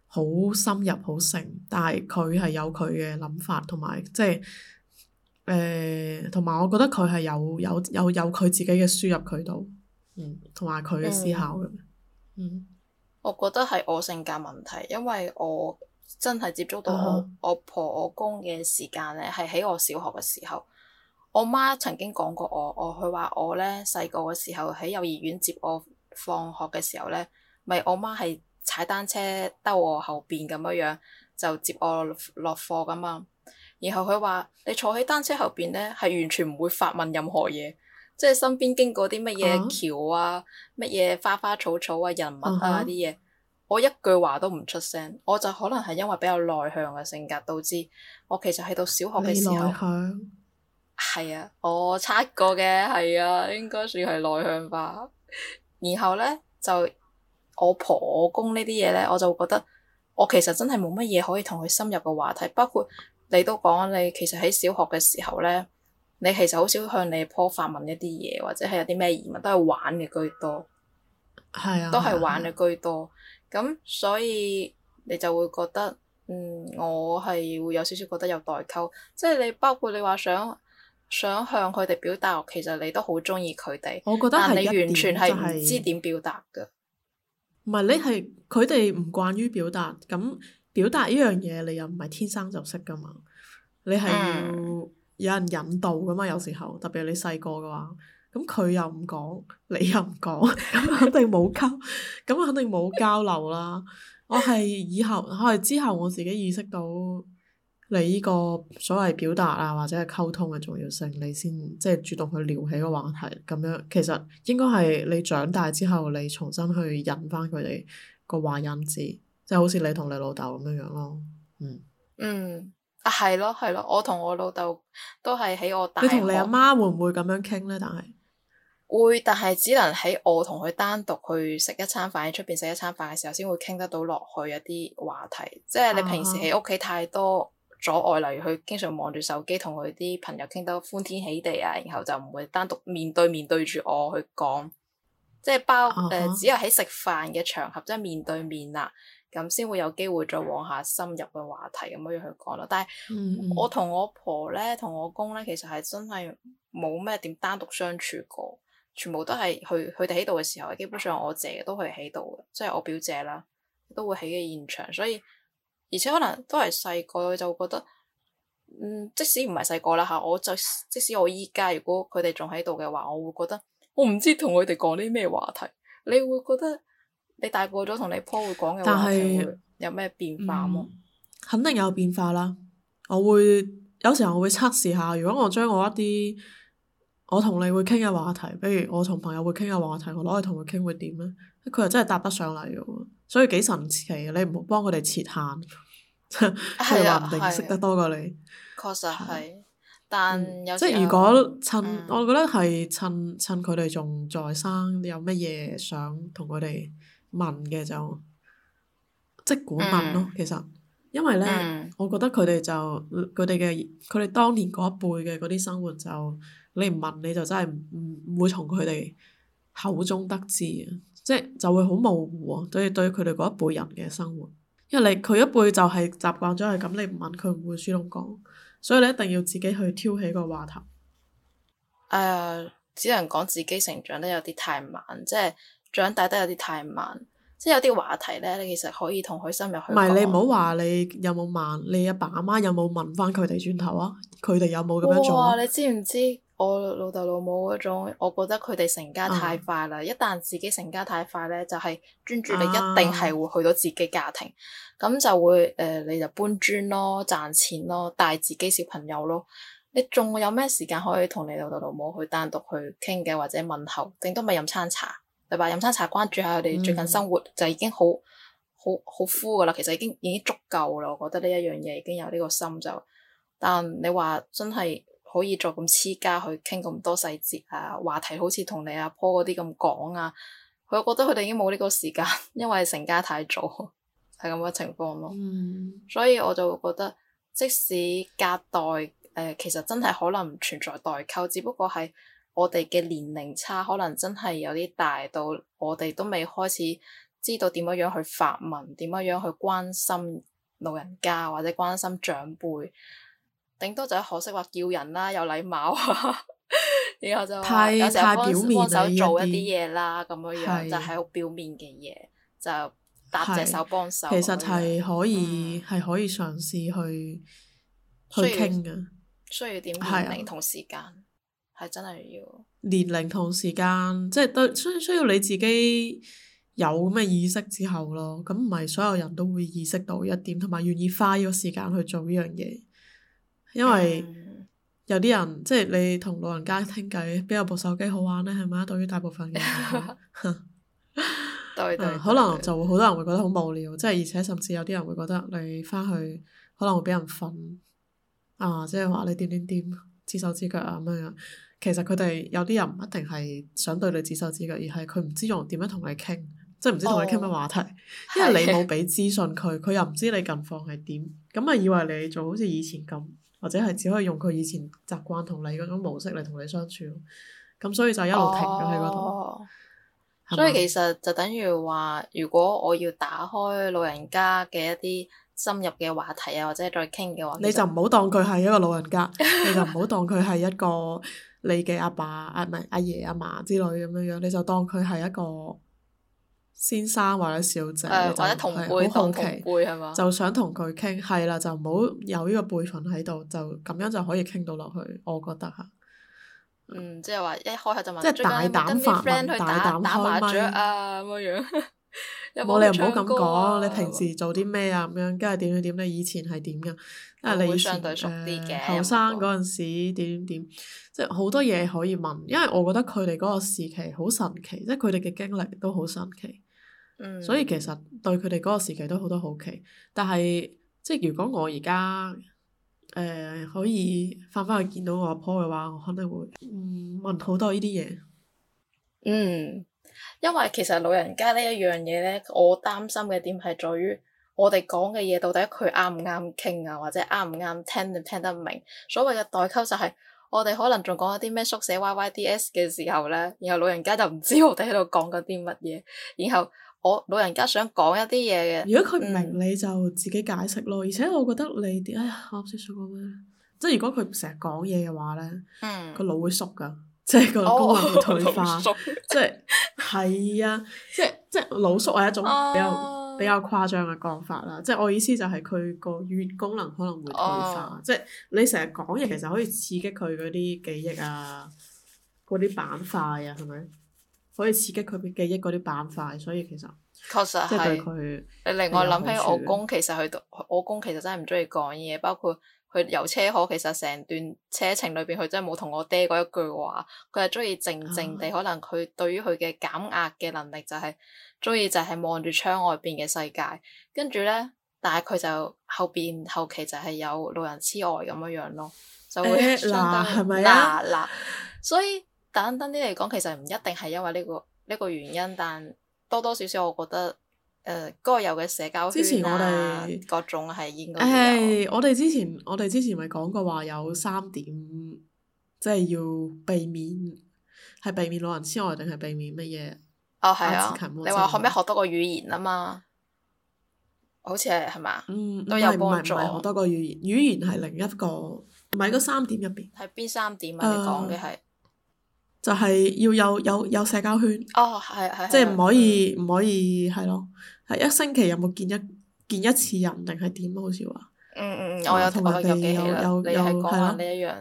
好深入、好成，但係佢係有佢嘅諗法，同埋即係誒，同、呃、埋我覺得佢係有有有佢自己嘅輸入渠道，嗯，同埋佢嘅思考嘅。嗯，嗯，我覺得係我性格問題，因為我真係接觸到我、啊、我婆我公嘅時間咧，係喺我小學嘅時候。我媽曾經講過我，我佢話我呢細個嘅時候喺幼兒園接我放學嘅時候呢，咪我媽係踩單車兜我後邊咁樣樣就接我落課噶嘛。然後佢話你坐喺單車後邊呢，係完全唔會發問任何嘢，即係身邊經過啲乜嘢橋啊，uh huh. 乜嘢花花草草啊，人物啊啲嘢，我一句話都唔出聲。我就可能係因為比較內向嘅性格，導致我其實喺到小學嘅時候。係啊，我、哦、測過嘅，係啊，應該算係內向吧。 *laughs* 然後呢，就我婆我公呢啲嘢呢，我就覺得我其實真係冇乜嘢可以同佢深入嘅話題。包括你都講，你其實喺小學嘅時候呢，你其實好少向你阿婆發問一啲嘢，或者係有啲咩疑問都係玩嘅居多，啊、都係玩嘅居多。咁、啊、所以你就會覺得，嗯，我係會有少少覺得有代溝，即係你包括你話想。想向佢哋表達，其實你都好中意佢哋。我覺得係一點你完全就係、是，唔知點表達噶。唔係你係佢哋唔慣於表達，咁表達呢樣嘢你又唔係天生就識噶嘛？你係要有人引導噶嘛？有時候，特別係你細個嘅話，咁佢又唔講，你又唔講，咁肯定冇溝，咁 *laughs* *laughs* 肯定冇交流啦。我係以後，我係之後，我自己意識到。你呢個所謂表達啊，或者係溝通嘅重要性，你先即係主動去聊起個話題咁樣。其實應該係你長大之後，你重新去引翻佢哋個話音字，就好似你同你老豆咁樣樣咯。嗯嗯，啊係咯係咯，我同我老豆都係喺我大。你同你阿媽，媽會唔會咁樣傾咧？但係會，但係只能喺我同佢單獨去食一餐飯喺出邊食一餐飯嘅時候，先會傾得到落去一啲話題。即係你平時喺屋企太多。啊阻礙，例如佢經常望住手機，同佢啲朋友傾得歡天喜地啊，然後就唔會單獨面對面對住我去講，即係包誒、uh huh. 呃，只有喺食飯嘅場合，即係面對面啦，咁先會有機會再往下深入嘅話題咁樣去講咯。但係、mm hmm. 我同我婆咧，同我公咧，其實係真係冇咩點單獨相處過，全部都係佢佢哋喺度嘅時候，基本上我姐都係喺度，即係我表姐啦，都會喺嘅現場，所以。而且可能都係細個，就會覺得，嗯，即使唔係細個啦吓，我就即使我依家如果佢哋仲喺度嘅話，我會覺得，我唔知同佢哋講啲咩話題，你會覺得你大個咗同你婆會講嘅話題是有咩變化？嗯、肯定有變化啦，我會有時候我會測試下，如果我將我一啲。我同你會傾下話題，比如我同朋友會傾下話題，我攞嚟同佢傾會點咧？佢又真係答得上嚟喎，所以幾神奇嘅。你唔好幫佢哋設限，佢哋話唔定識得多過你。確實係，但有、嗯、即係如果趁、嗯、我覺得係趁趁佢哋仲在生，有乜嘢想同佢哋問嘅就即管問咯。嗯、其實，因為咧，嗯、我覺得佢哋就佢哋嘅佢哋當年嗰一輩嘅嗰啲生活就。你唔問你就真係唔唔會從佢哋口中得知啊！即係就會好模糊啊！對對佢哋嗰一輩人嘅生活，因為佢一輩就係習慣咗係咁，你唔問佢唔會主動講，所以你一定要自己去挑起個話題。誒、呃，只能講自己成長得有啲太慢，即係長大得有啲太慢，即係有啲話題咧，你其實可以同佢深入去。唔係你唔好話你有冇慢，你阿爸阿媽有冇問翻佢哋轉頭啊？佢哋有冇咁樣做、啊、你知唔知？我老豆老母嗰種，我覺得佢哋成家太快啦。嗯、一旦自己成家太快咧，就係、是、專注力一定係會去到自己家庭，咁、啊、就會誒、呃，你就搬磚咯，賺錢咯，帶自己小朋友咯。你仲有咩時間可以同你老豆老母去單獨去傾偈或者問候，頂多咪飲餐茶，係咪？飲餐茶關注下佢哋最近生活、嗯、就已經好好好敷噶啦，life, 其實已經已經足夠啦。我覺得呢一樣嘢已經有呢個心就，但你話真係。可以再咁黐家去傾咁多細節啊，話題好似同你阿婆嗰啲咁講啊，佢覺得佢哋已經冇呢個時間，因為成家太早，係咁嘅情況咯。嗯、所以我就會覺得，即使隔代誒、呃，其實真係可能唔存在代溝，只不過係我哋嘅年齡差，可能真係有啲大到我哋都未開始知道點樣樣去發問，點樣樣去關心老人家或者關心長輩。頂多就可惜話叫人啦，有禮貌， *laughs* 然後就有時幫幫手做一啲嘢啦，咁的樣樣就係、是、好表面嘅嘢，就搭隻手幫手。其實係可以係、嗯、可以嘗試去去傾㗎，需要點年齡同時間係的真係要年齡同時間，即係對需需要你自己有咁嘅意識之後咯。咁唔係所有人都會意識到一點，同埋願意花呢個時間去做呢樣嘢。因為有啲人即係你同老人家傾偈，邊有部手機好玩咧？係咪？對於大部分嘅人，對可能就會好多人會覺得好無聊。即係而且甚至有啲人會覺得你翻去可能會俾人瞓，啊，即係話你點點點指手指腳啊咁樣。其實佢哋有啲人唔一定係想對你指手指腳，而係佢唔知用點樣同你傾，即係唔知同你傾乜話題，因為你冇俾資訊佢，佢又唔知你近況係點，咁咪以為你就好似以前咁。或者係只可以用佢以前習慣同你嗰種模式嚟同你相處，咁所以就一路停咗喺嗰度。哦、吧所以其實就等於話，如果我要打開老人家嘅一啲深入嘅話題啊，或者再傾嘅話，你就唔好當佢係一個老人家， *laughs* 你就唔好當佢係一個你嘅阿爸啊，唔係阿爺阿嫲之類咁樣樣，你就當佢係一個。先生或者小姐，或者同輩就想同佢傾，係啦，就唔好有呢個輩份喺度，就咁樣就可以傾到落去。我覺得嚇。嗯，即係話一開口就問。即係大膽發問，大膽開麥啊咁樣。我哋唔好咁講，你平時做啲咩啊？咁樣，跟住點點點？你以前係點嘅？因為你以前後生嗰陣時點點點，即係好多嘢可以問，因為我覺得佢哋嗰個時期好神奇，即係佢哋嘅經歷都好神奇。嗯、所以其實對佢哋嗰個時期都好多好奇，但係，即係如果我而家誒可以翻返去見到我阿婆嘅話，我肯定會問好多呢啲嘢。嗯，因為其實老人家呢一樣嘢咧，我擔心嘅點係在於我哋講嘅嘢到底佢啱唔啱傾啊，或者啱唔啱聽定聽得明。所謂嘅代溝就係我哋可能仲講一啲咩縮寫 Y Y D S 嘅時候咧，然後老人家就唔知我哋喺度講緊啲乜嘢，然後。我老人家想講一啲嘢嘅，如果佢唔明你就自己解釋咯。而且我覺得你啲，哎呀，我唔識，想講咩。即係如果佢成日講嘢嘅話咧，嗯，個腦會縮噶，即係個功能會退化。嗯哦、即係係啊，即係即係腦縮係一種比較、uh、比較誇張嘅講法啦。即係我意思就係佢個語功能可能會退化。Uh、即係你成日講嘢，其實可以刺激佢嗰啲記憶啊，嗰啲板塊啊，係咪？可以刺激佢啲記憶嗰啲辦法，所以其實確實即係佢。你另外諗起我公，其實佢都我公其實真係唔中意講嘢，包括佢游車河，其實成段車程裏邊佢真係冇同我爹講一句話。佢係中意靜靜地，啊、可能佢對於佢嘅減壓嘅能力就係中意就係望住窗外邊嘅世界。跟住咧，但係佢就後邊後期就係有老人痴呆咁樣樣咯，就會想單去。所以。簡單啲嚟講，其實唔一定係因為呢個呢個原因，但多多少少我覺得，誒該有嘅社交圈、啊、之前我哋各種係應該有。欸、我哋之前我哋之前咪講過話有三點，即係要避免，係避免老人痴呆定係避免乜嘢？哦，係啊，你話可唔可以學多個語言啊嘛？好似係係嘛？嗯，都有幫助。唔係唔係學多個語言，語言係另一個，唔係嗰三點入邊。係邊三點啊？你講嘅係？Uh, 就係要有有有社交圈哦，係係，即係唔可以唔可以係咯？係一星期有冇見一見一次人定係點？好似話嗯嗯，我有同我有記起啦，你一樣，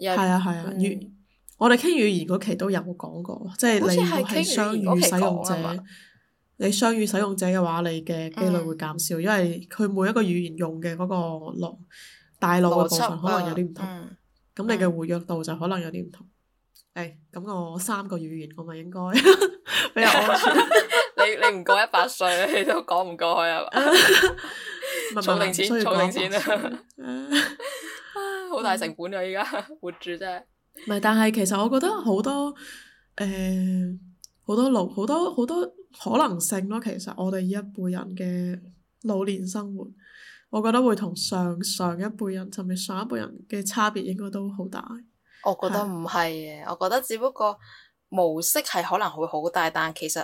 係啊係啊語，我哋傾語言嗰期都有講過，即係你係雙語使用者，你雙語使用者嘅話，你嘅機率會減少，因為佢每一個語言用嘅嗰個腦大腦嘅部分可能有啲唔同，咁你嘅活躍度就可能有啲唔同。誒，咁、哎、我三個語言我咪應該 *laughs* 比較安全。 *laughs* 你你唔過一百歲，你，歲 *laughs* 你都講唔過去啊？儲定錢，儲定錢啊！ *laughs* *laughs* 好大成本噶，依家，嗯、活住啫。係。唔係，但係其實我覺得好多誒、好、呃、多老，好多好多可能性咯。其實我哋呢一輩人嘅老年生活，我覺得會同上上一輩人甚至上一輩人嘅差別應該都好大。我覺得唔係嘅，我覺得只不過模式係可能會好大，但其實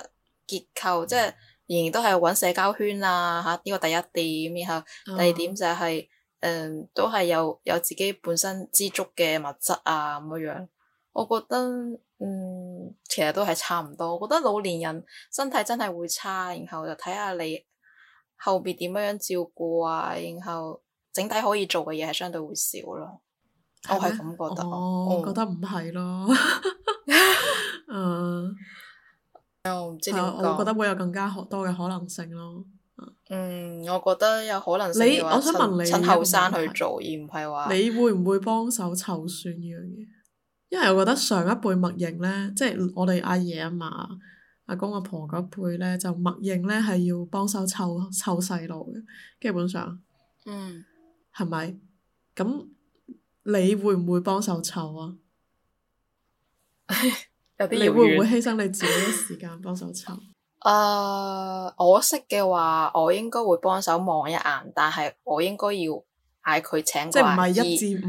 結構即係仍然都係揾社交圈啊嚇，呢、呢個第一點。然後第二點就係、係、誒、oh. 嗯，都係有有自己本身知足嘅物質啊咁樣。我覺得嗯，其實都係差唔多。我覺得老年人身體真係會差，然後就睇下你後邊點樣照顧啊，然後整體可以做嘅嘢係相對會少咯。我係咁覺得，我、oh, oh. 覺得唔係咯，嗯、 *laughs* uh,，又唔知點講，我覺得會有更加多嘅可能性咯。嗯，我覺得有可能。你我想問你，趁後生去做，而唔係話你會唔會幫手湊算呢樣嘢？因為我覺得上一輩默認咧，即係我哋阿爺阿嫲、阿公阿婆嗰輩咧，就默認咧係要幫手湊湊細路嘅，基本上，嗯，係咪咁？你會唔會幫手湊啊？有 *laughs* 啲你會唔會犧牲你自己嘅時間幫手湊？啊， *laughs* uh, 我識嘅話，我應該會幫手望一眼，但係我應該要嗌佢請。即係唔係一至五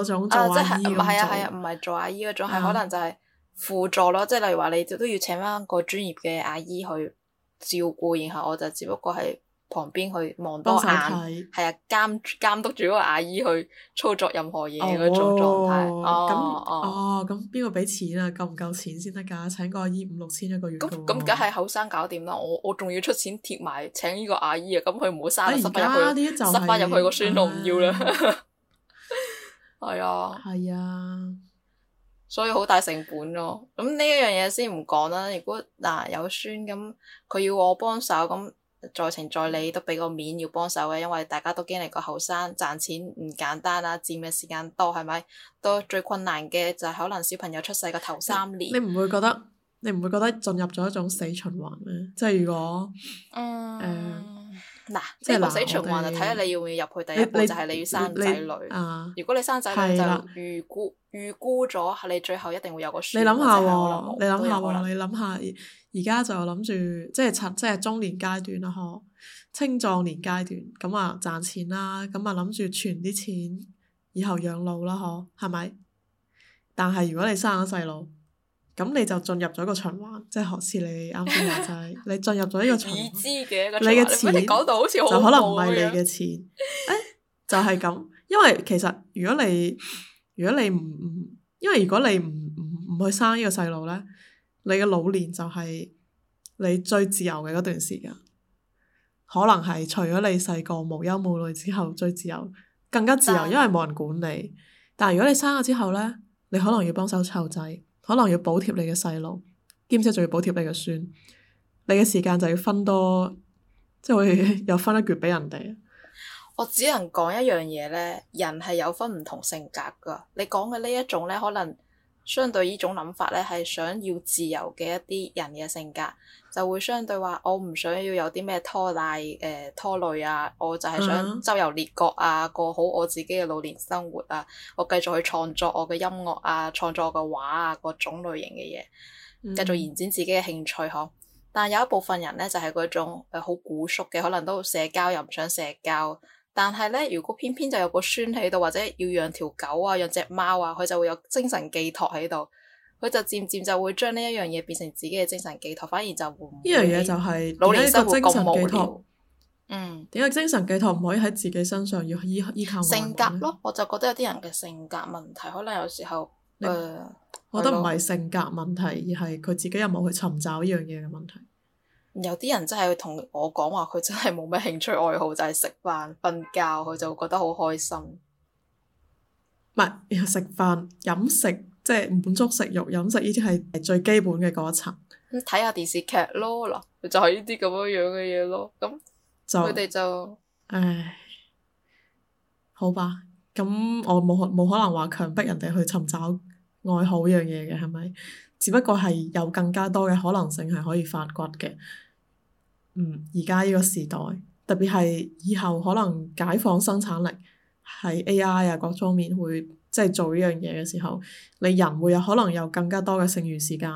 嗰種做阿姨做？唔係啊，係啊，唔係做阿姨嗰、啊、種，係可能就係輔助咯。Uh. 即係例如話你都要請翻個專業嘅阿姨去照顧，然後我就只不過係。旁邊去望多眼，係啊，監監督住嗰個阿姨去操作任何嘢嗰種狀態。哦，咁哦，咁邊個俾錢啊？夠唔夠錢先得噶？請個阿姨五六千一個月。咁咁、啊，梗係後生搞掂啦。我我仲要出錢貼埋請呢個阿姨啊。咁佢唔好生虱佢，塞翻入去個孫都唔要啦。係啊，係啊，所以好大成本咯。咁呢一樣嘢先唔講啦。如果嗱有孫咁，佢要我幫手咁。在情在理都俾個面要幫手嘅，因為大家都經歷過後生賺錢唔簡單啊，佔嘅時間多係咪？都最困難嘅就係可能小朋友出世嘅頭三年。你唔會覺得？你唔會覺得進入咗一種死循環咩？即係如果，嗯，嗱，即係個死循環就睇下你要唔要入去第一步，就係你要生仔女。如果你生仔女就預估預估咗，你最後一定會有個孫。你諗下喎，你諗下喎，你諗下。而家就諗住，即係即係中年階段啦，嗬，青壯年階段，咁啊賺錢啦，咁啊諗住存啲錢，以後養老啦，嗬，係咪？但係如果你生咗細路，咁你就進入咗一個循環，即係學似你啱先話齋， *laughs* 你進入咗一個循環 *laughs* 你嘅錢，講好似就可能唔係你嘅錢， *laughs* 哎、就係、是、咁，因為其實如果你如果你唔唔，因為如果你唔唔唔去生呢個細路咧。你嘅老年就係你最自由嘅嗰段時間，可能係除咗你細個無憂無慮之後最自由，更加自由，因為冇人管你。但係如果你生咗之後呢，你可能要幫手湊仔，可能要補貼你嘅細路，兼且仲要補貼你嘅孫，你嘅時間就要分多，即係會又分一橛俾人哋。我只能講一樣嘢呢：人係有分唔同性格噶。你講嘅呢一種呢，可能。相對種呢種諗法咧，係想要自由嘅一啲人嘅性格，就會相對話我唔想要有啲咩拖拉誒、呃、拖累啊，我就係想周遊列國啊，過好我自己嘅老年生活啊，我繼續去創作我嘅音樂啊，創作嘅畫啊各種類型嘅嘢，繼續延展自己嘅興趣嗬，但有一部分人咧，就係、是、嗰種好古樸嘅，可能都社交又唔想社交。但係咧，如果偏偏就有個孫喺度，或者要養條狗啊、養隻貓啊，佢就會有精神寄託喺度，佢就漸漸就會將呢一樣嘢變成自己嘅精神寄託，反而就呢樣嘢就係老年生活精神寄託？嗯，點解精神寄託唔可以喺自己身上要依依靠？性格咯，我就覺得有啲人嘅性格問題，可能有時候誒，你呃、我覺得唔係性格問題，而係佢自己有冇去尋找一樣嘢嘅問題。有啲人真係同我講話，佢真係冇咩興趣愛好，就係食飯、瞓覺，佢就會覺得好開心。唔係食飯、飲食即係滿足食慾，飲食呢啲係最基本嘅嗰一層。咁睇下電視劇咯，嗱就係呢啲咁樣樣嘅嘢咯。咁就佢哋就唉，好吧。咁我冇可冇可能話強迫人哋去尋找愛好呢樣嘢嘅係咪？只不過係有更加多嘅可能性係可以發掘嘅。嗯，而家呢個時代，特別係以後可能解放生產力，係 A.I. 啊各方面會即係做呢樣嘢嘅時候，你人會有可能有更加多嘅剩餘時間。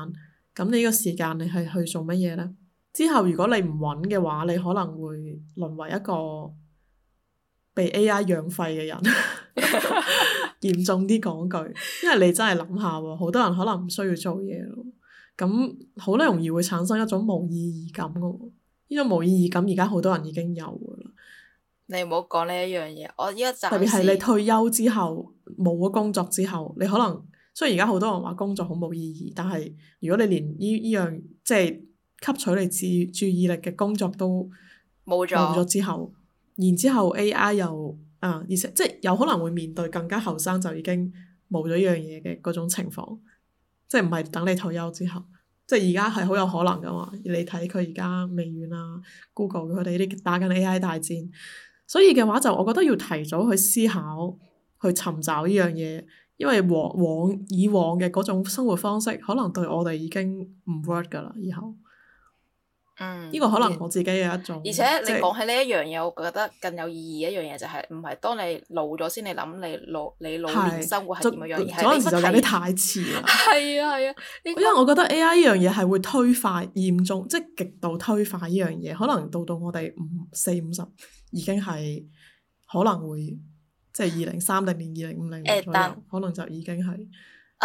咁你呢個時間你係去做乜嘢呢？之後如果你唔揾嘅話，你可能會淪為一個被 A.I. 養廢嘅人。 *laughs* 嚴重啲講句，因為你真係諗下喎，好多人可能唔需要做嘢咯。咁好容易會產生一種無意義感嘅喎。呢種無意義感而家好多人已經有噶啦，你唔好講呢一樣嘢，我依家特別係你退休之後冇咗工作之後，你可能雖然而家好多人話工作好冇意義，但係如果你連呢呢樣即係吸取你注注意力嘅工作都冇咗之後，了然之後 A I 又啊，而、嗯、且即係有可能會面對更加後生就已經冇咗呢樣嘢嘅嗰種情況，即係唔係等你退休之後。即係而家係好有可能噶嘛？你睇佢而家微軟啊 Google 佢哋呢啲打緊 AI 大戰，所以嘅話就我覺得要提早去思考、去尋找呢樣嘢，因為往往以往嘅嗰種生活方式，可能對我哋已經唔 work 噶啦，以後。嗯，呢個可能我自己嘅一種。而且、就是、你講起呢一樣嘢，我覺得更有意義一樣嘢就係、是，唔係當你老咗先你諗你老你老年生活係對點樣，而係嗰陣時就有啲太遲啦。係啊係啊，啊因為我覺得 AI 呢樣嘢係會推快嚴重，即係極度推快呢樣嘢，嗯、可能到到我哋五四五十已經係可能會即係二零三零年、二零五零年左右，欸、可能就已經係。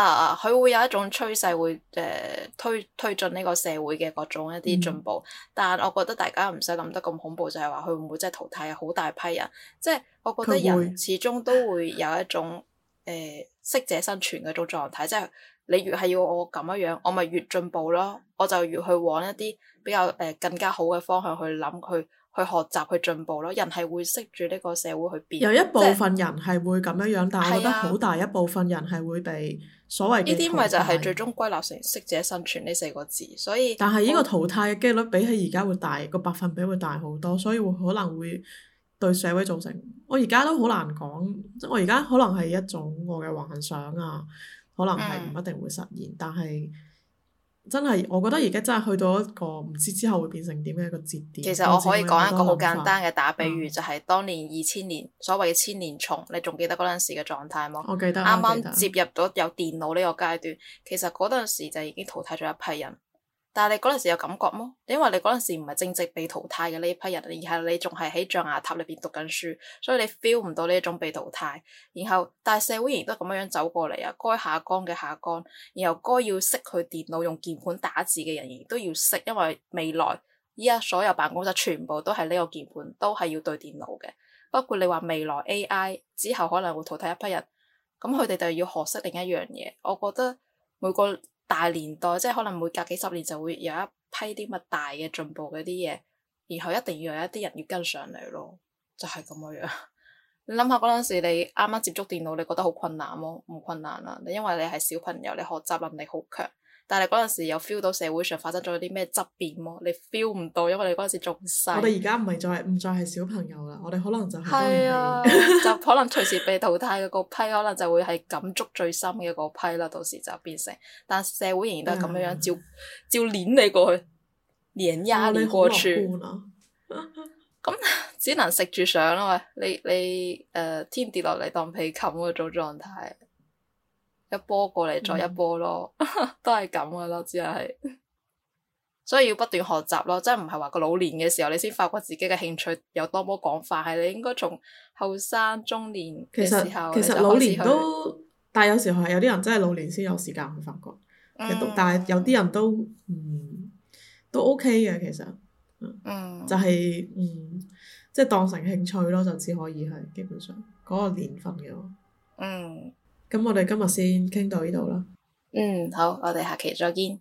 啊！佢會有一種趨勢會誒、呃、推推進呢個社會嘅各種一啲進步，嗯、但係我覺得大家唔使諗得咁恐怖，就係話佢會唔會真係淘汰好大批人？即係我覺得人始終都會有一種誒、呃、適者生存嗰種狀態，即係你越係要我咁樣，我咪越進步咯，我就越去往一啲比較誒、呃、更加好嘅方向去諗去，去學習去進步咯，人係會識住呢個社會去變。有一部分人係會咁樣樣，即但係我覺得好大一部分人係會被所謂。呢啲咪就係最終歸納成適者生存呢四個字，所以。但係呢個淘汰嘅機率比起而家會大，嗯、個百分比會大好多，所以會可能會對社會造成。我而家都好難講，即我而家可能係一種我嘅幻想啊，可能係唔一定會實現，嗯、但係。真係，我覺得而家真係去到一個唔知之後會變成點樣一個節點。其實我可以講一個好簡單嘅打比喻，嗯、就係當年二千年所謂嘅千年蟲，你仲記得嗰陣時嘅狀態嗎？我記得、啊。啱啱接入咗有電腦呢個階段，其實嗰陣時就已經淘汰咗一批人。但係你嗰陣時有感覺麼？因為你嗰陣時唔係正值被淘汰嘅呢批人，而係你仲係喺象牙塔裏邊讀緊書，所以你 feel 唔到呢一種被淘汰。然後，但係社會仍然都咁樣樣走過嚟啊，該下崗嘅下崗，然後該要識佢電腦用鍵盤打字嘅人，仍然都要識，因為未來依家所有辦公室全部都係呢個鍵盤，都係要對電腦嘅。包括你話未來 AI 之後可能會淘汰一批人，咁佢哋就要學識另一樣嘢。我覺得每個大年代即係可能每隔幾十年就會有一批啲乜大嘅進步嗰啲嘢，然後一定要有一啲人要跟上嚟咯，就係咁樣樣。 *laughs* 你諗下嗰陣時你啱啱接觸電腦，你覺得好困難咯，唔困難啦，你因為你係小朋友，你學習能力好強。但係嗰陣時又 feel 到社會上發生咗啲咩質變咯，你 feel 唔到，因為你嗰陣時仲細。我哋而家唔係再唔再係小朋友啦，我哋可能就係、係 *laughs* 啊、就可能隨時被淘汰嘅、嗰批，可能就會係感觸最深嘅嗰批啦。到時就變成，但社會仍然都係咁樣樣，哎、呀照照碾你過去，碾壓你過去。咁、嗯啊、 *laughs* 只能食住上啦喂，你你誒、呃，天跌落嚟當被冚嗰種狀態。一波過嚟再一波咯， *laughs* 都係咁嘅咯，只係所以要不斷學習咯，即係唔係話個老年嘅時候你先發覺自己嘅興趣有多麼廣泛，係你應該從後生、中年嘅時候其實其實老年都，但係有時候係有啲人真係老年先有時間去發覺、嗯，但係有啲人都嗯都 OK 嘅，其實嗯就係、是、嗯即係、就是、當成興趣咯，就只可以係基本上嗰、那個年份嘅嗯。咁我哋今日先傾到呢度啦。嗯，好，我哋下期再見。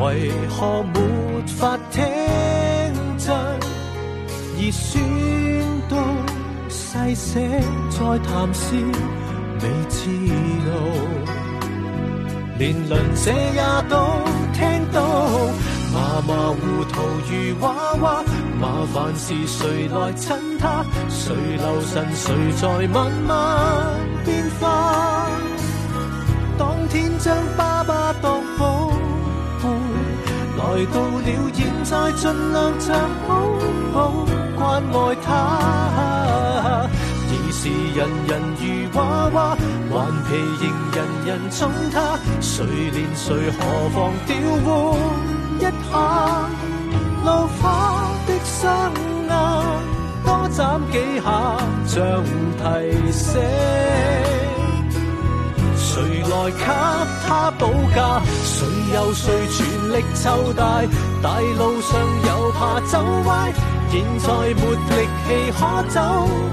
為何沒法聽真？而宣到細聲再談笑，你知道？連鄰舍也都聽到，嫲嫲糊塗如娃娃，麻煩事誰來襯他？誰留神誰在慢慢變化？當天將爸爸當。來到了現在盡，儘量唱好好關愛她。已是人人如娃娃，頑皮仍人人寵她。誰憐誰何妨調換一下，老花的雙眼多眨幾下，像提醒，給他保駕，誰又誰全力湊大，大路上又怕走歪。現在沒力氣可走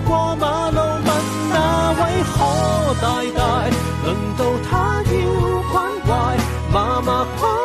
過馬路，問哪位可大大，輪到他要關懷，嫲嫲。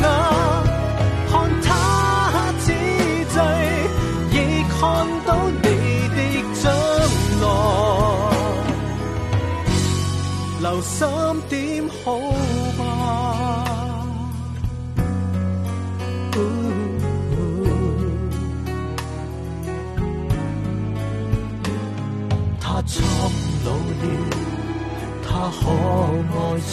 眼、啊、看他此際，亦看到你的將來。留心點好吧。他蒼老了，他、哦、可愛似。